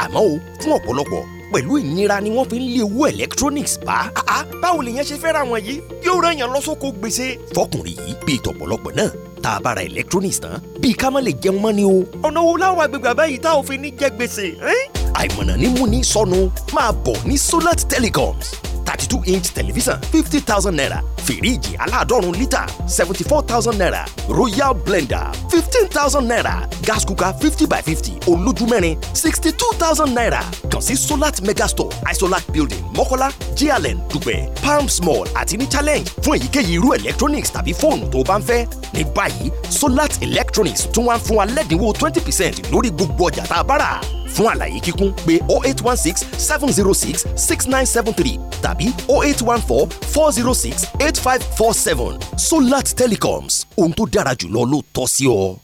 àmọ́ o fún ọ̀pọ̀lọpọ̀ pẹ̀lú ìnira ni wọ́n fi ń lé owó electronics bá. Ah, ah, báwo lèèyàn ṣe fẹ́ ra wọn yìí yóò rán yàn lọ́sọ́kò gbèsè. fọkùnrin yìí bíi tọ̀pọ̀lọpọ̀ náà tá a bá ra electronics tán bíi ká má lè jẹun mọ́ ni o. ọ̀nà wo láwọn àgbègbè àbáyìí tá ò fi ní jẹ gbèsè. Eh? àìmọ̀nà ni mú ní sọnù máa bọ̀ ní Solat Telecoms thirty two inch tẹlifíṣàn fifty thousand naira fìríìjì aláàdọ́rùn lítà seventy four thousand naira royal blender fifteen thousand naira gas cooker fifty by fifty olójúmẹ́rin sixty two thousand naira kàn sí solat megastore isolac building mọ́kọ́lá jln dùgbẹ̀ palms mall àti ní challenge fún èyíkéyìí irú electronics tàbí fóònù tó o bá ń fẹ́ ní báyìí solat electronics tún wá ń fún wa lẹ́dínwó twenty percent lórí gbogbo ọjà tá a bá rà fún àlàyé kíkún pé oh eight one tàbí oh eight one four Telecoms ohun tó dára jùlọ ló tọ́ sí ọ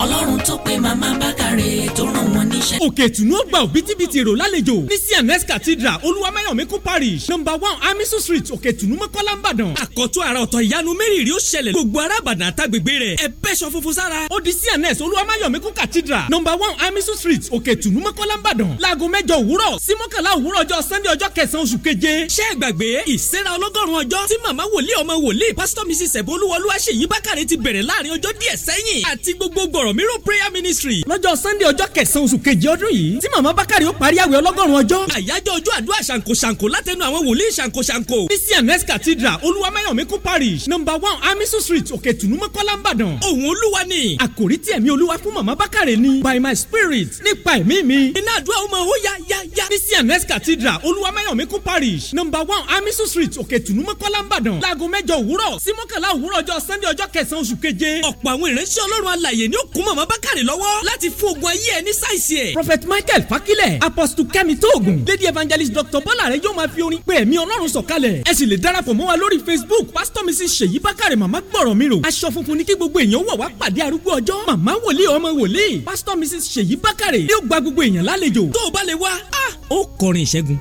ọlọ́run tó pe màmá bákàrẹ̀ tó ràn wọ́n níṣẹ́. òkè tùnú ọgbà òbítíbitì èrò lálejò ní cns cathedral olúwamẹ́yàmẹ́kún parish number one amisu street òkè tùnú mọ́kànlá ìbàdàn. àkọ́tún àrà ọ̀tọ̀ ìyanu mẹ́rìnrì ó ṣẹlẹ̀ gbogbo ará ìbàdàn àtàgbègbè rẹ̀ ẹ bẹ́ṣọ funfun sára. ó di cns olúwamẹ́yàmẹ́kún cathedral number one amisu street òkè tùnú mọ́kànlá ìbàdàn. láago mẹ́jọ òwúrọ̀ sí mọ́kànlá òwúrọ̀ ọjọ́ sunday ọjọ́ kẹsàn-án oṣù keje. ṣé ẹ gbàgbé ìsẹ́ra ọlọ́gọ́rùn-ún ọjọ́ tí màmá wòlíì ọmọ wòlíì pásítọ̀ mrs ẹ̀bọ́lúwọlúwàṣèyí bákàrẹ̀ ti bẹ̀rẹ̀ láàrin ọjọ́ díẹ̀ sẹ́yìn àti gbogbogbò ọ̀rọ̀míró prayer ministry lọ́jọ́ sunday ọjọ́ kẹsàn-án oṣù keje ọdún yìí tí màmá bákàrẹ̀ ó parí àwẹ̀ ọlọ́gọ́rùn-ún ọjọ́ àyájọ́ ọjọ́ àdúrà ṣàǹkóṣàǹkó látẹnu àwọn wòlíì ṣàǹkóṣàǹkó ní cns cathedral olúwamáyọ̀mẹ́kún parish number one amisu street òkè tùnúmọ́kọ́lá ńbàdàn òun olúwa ni àkòrí tí ẹ̀mí olúwa fún màmá bákàrẹ̀ ni by my spirit nípa ẹ̀mí mi iná àdúrà ó máa hó yá yá yá ní cns cathedral olúwamáyọ̀mẹ́kún parish number one amisu street òkè tùnúmọ́kọ́lá ńbàdàn láago mẹ́jọ òwúrọ̀ sí mọ́kànlá òwúrọ̀ ọjọ́ sunday ọjọ́ kẹsàn-án oṣù keje ọ̀pọ̀ àwọn ìránṣẹ́ ọlọ́run alàyè ni ó kún mọ̀mọ́ bákàrẹ̀ lọ́wọ́ láti fún ogun ayé ẹ ní sáìsì ẹ̀. prophet michael fakilẹ̀ apostle kẹ́mi tóògùn lady evangelist dr bọ́lá rẹ yóò máa fi orin pé ẹ̀mí ọlọ́run sọ̀kalẹ̀ ẹ sì lè darapọ̀ mọ́ wa lórí facebook pastor mrs ṣèyí bákàrẹ̀ màmá gbọ̀rọ̀ mi rò aṣọ funfun ni kí gbogbo èèyàn wọ̀ wá pàdé arúgbó ọjọ́ màmá wòlíì ọmọ wòlíì pastor mrs ṣèyí bákàrẹ̀ yóò gba gbogbo èèyàn lálejò tó o bá lè wá ah, ó kọrin ìṣẹ́gun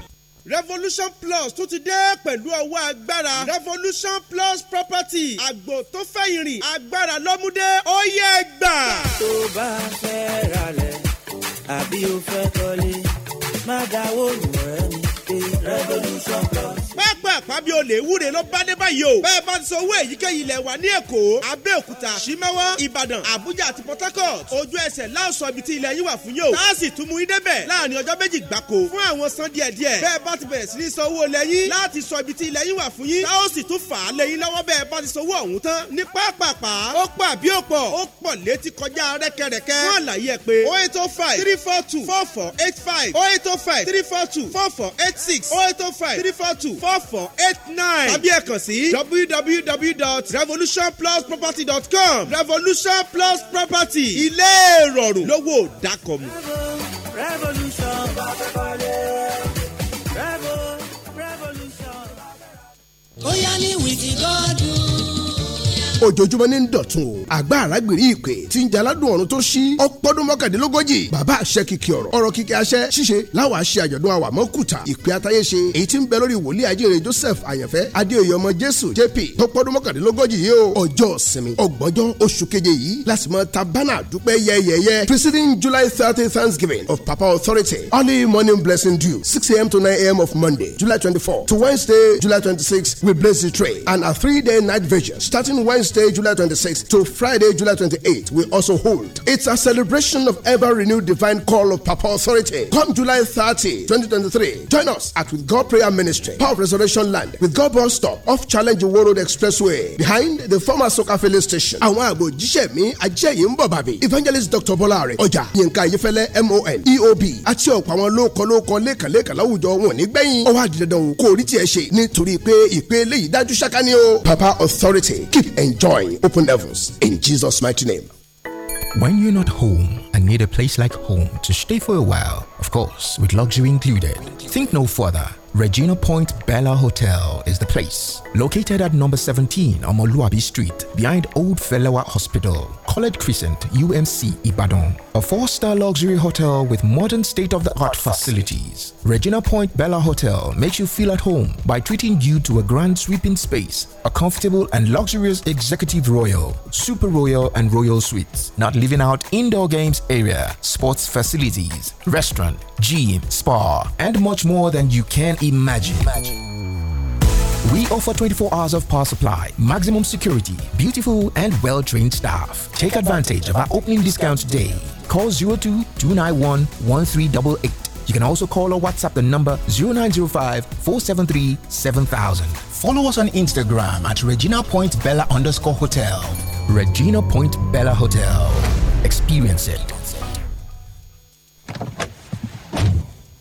revolution plus tún ti dé pẹ̀lú ọwọ́ agbára revolution plus property àgbò tó fẹ́ ìrìn agbára lọ́múdé ó yẹ gbà. tó bá fẹ́ ralẹ̀ àbí o fẹ́ kọ́lé má dáwọ́ lù ẹ́ pápá àpábí olè wúre ló bá dé báyìí o bẹ́ẹ̀ bá ń san owó èyíkéyìí ilẹ̀ wa ní èkó abẹ́òkúta simawa ìbàdàn Abuja àti port harcourt ojú ẹsẹ̀ láòsọ ibi tí ilẹ̀ yín wà fún yóò láàsì tún mú idébẹ̀ láàrin ọjọ́ méjì gbáko fún àwọn san díẹ̀ díẹ̀ bẹ́ẹ̀ bá ti bẹ̀rẹ̀ sí ní san owó lẹ́yìn láti sọ ibi tí ilẹ̀ yín wà fún yín táwọn sì tún fà á lẹ́yìn lọ́wọ́ bẹ́ẹ̀ bá ti san owó ọ̀hún tán ní pápápá ó pọ̀ àbí ó pọ̀ ó pọ̀ létí kọjá rẹ́kẹrẹ́kẹ́ fún àlàyé ẹ pé oh eight oh five three four two four four eight five oh eight oh five three four two four four eight six oh eight oh five three four two four four eight nine tàbí ẹ kàn sí www.revolutionplusproperty.com revolution plus property ilé ìrọ̀rùn lówó dákọ̀mù. Ó yá ní wìtí gọ́dún ojoojúmọ́ ní dọ̀tun o àgbà àràgbèrè ìpè tí ń jaládùn ọ̀run tó ṣí ọgbọ́dún mọ́kàndínlógójì bàbá àṣẹ kìkì ọ̀rọ̀ ọ̀rọ̀ kìkì àṣẹ ṣíṣe láwọn àṣẹ àjọ̀dún àwàmọ́ kùtà ìpè àtayé ṣe èyí tí ń bẹ lórí wòlíì ajínrere Joseph àyànfẹ́ adéoyè ọmọ Jésù JP ọgbọ́dún mọ́kàndínlógójì yìí o ọjọ́ sinmi ọgbọ́njọ́ oṣù keje yìí láti mọ tabana dúpẹ́ preceding July thirty Thanksgiving of Papa Authority early morning blessing due six a.m. to nine a.m. of Monday July twenty-four to Wednesday July twenty-six we bless the tray and a three-day night vigil starting Wednesday. Thursday, July 26th to Friday, July 28th, we also hold. It's a celebration of ever renewed divine call of Papa authority. Come July 30, 2023, join us at With God Prayer Ministry, Power of Resurrection Land, With God Bus Stop, off Challenge World Road Expressway, behind the former Soka filling station. Àwọn àgbò jíṣẹ́ mi ajẹ́yìn ń bọ̀ bàbí. Evangelist Dr. Bọ́láre, ọjà Yínká Ayéfẹ́lẹ́ MON, EOB àti ọ̀pọ̀ àwọn lóòkọ́ lóòkọ́ lẹ́kànlẹ́kàn láwùjọ wọn ní gbẹ̀yìn. Ọwọ́ àdìdàdàn kò rí tiẹ̀ ṣe nítorí pé ìpele yìí dájú ṣáká ni o. Papa authority keep enjoying. join open heavens in Jesus' mighty name. When you're not home, and need a place like home to stay for a while, of course, with luxury included. Think no further. Regina Point Bella Hotel is the place. Located at number 17 on Moluabi Street, behind Old Fellowa Hospital, College Crescent, UMC, Ibadan. A four star luxury hotel with modern state of the art facilities. Regina Point Bella Hotel makes you feel at home by treating you to a grand sweeping space, a comfortable and luxurious executive royal, super royal, and royal suites. Not leaving out indoor games area, sports facilities, restaurant, gym, spa, and much more than you can imagine. imagine. We offer 24 hours of power supply, maximum security, beautiful and well trained staff. Take advantage of our opening discount today. Call 02 291 1388. You can also call or WhatsApp the number 0905 473 7000. Follow us on Instagram at Regina Point Bella underscore hotel. Regina Point Bella Hotel vencer.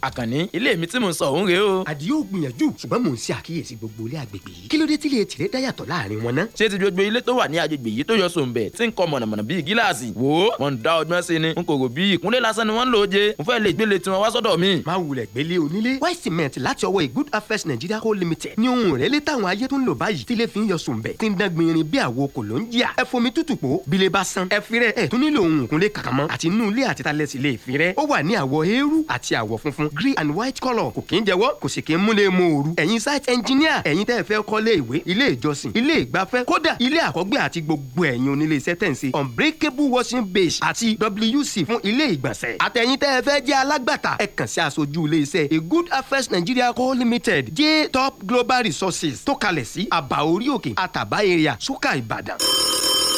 àkànní ilé mi tí mò sọ òun rèé o. àdìo gbìyànjú ṣùgbọ́n mò ń ṣe àkíyèsí gbogbo ilé agbègbè yìí kí ló dé tí ilé tìrẹ dáyàtọ̀ láàrin wọn ná. ṣé ti gbogbo ilé tó wà ní agbègbè yìí tó yọ sòǹbẹ tí ń kọ mọ̀nàmọ̀nà bíi gíláàsì wò ó ń dá ọgbọ́n sí ni n kò rò bí ìkúnlẹ̀ lásán ni wọ́n ń lò ó jẹ mo fẹ́ lè gbélé tiwọn wá sọ́dọ̀ mi. má wulẹ̀ gbélé onílé why cement láti ọwọ́ Good Affairs Nigeria Co Limited ni ohun ìrẹ́lẹ̀ táwọn ayé tó ń lò báyìí tí ilé fi ń yọ sòǹbẹ̀ tí ń dán gbinrin bí àwo kò ló ń jìyà ẹ fomi tútù pò bílé bá san ẹ fi rẹ ẹ tún nílò ohun ìkúnlẹ̀ kàkàmọ́ àti inú ilé àti talẹ́sì lè fi rẹ ó wà ní àwọ̀ eérú àti àwọ̀ funfun green and white colour kò kí ń jẹ́wọ́ kò sì kí ń múlẹ̀ mọ òru ẹ̀yin site engineer ẹ̀yin tẹ́ ẹ fẹ́ kọ́lé ìwé ilé ìjọsìn ilé ìgbafẹ́ kódà ilé àkọ́gbé àti gbogbo ẹ̀yin onílé iṣẹ́ tẹ̀ ń unbreakable washing base àti WC fún ilé ìgbọ̀nsẹ̀ àtẹ̀yin tẹ́ ẹ fẹ́ jẹ́ alágbàtà ẹ kàn sí aṣojú ilé iṣẹ́ a good affairs Nigeria co limited j top global resources tó kalẹ̀ sí àbá orí òkè àtàbá area ṣúkà Ìbàdàn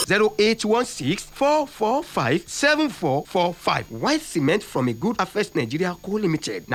zero eight one six four four five seven four four five white cement from a good affairs nigeria co limited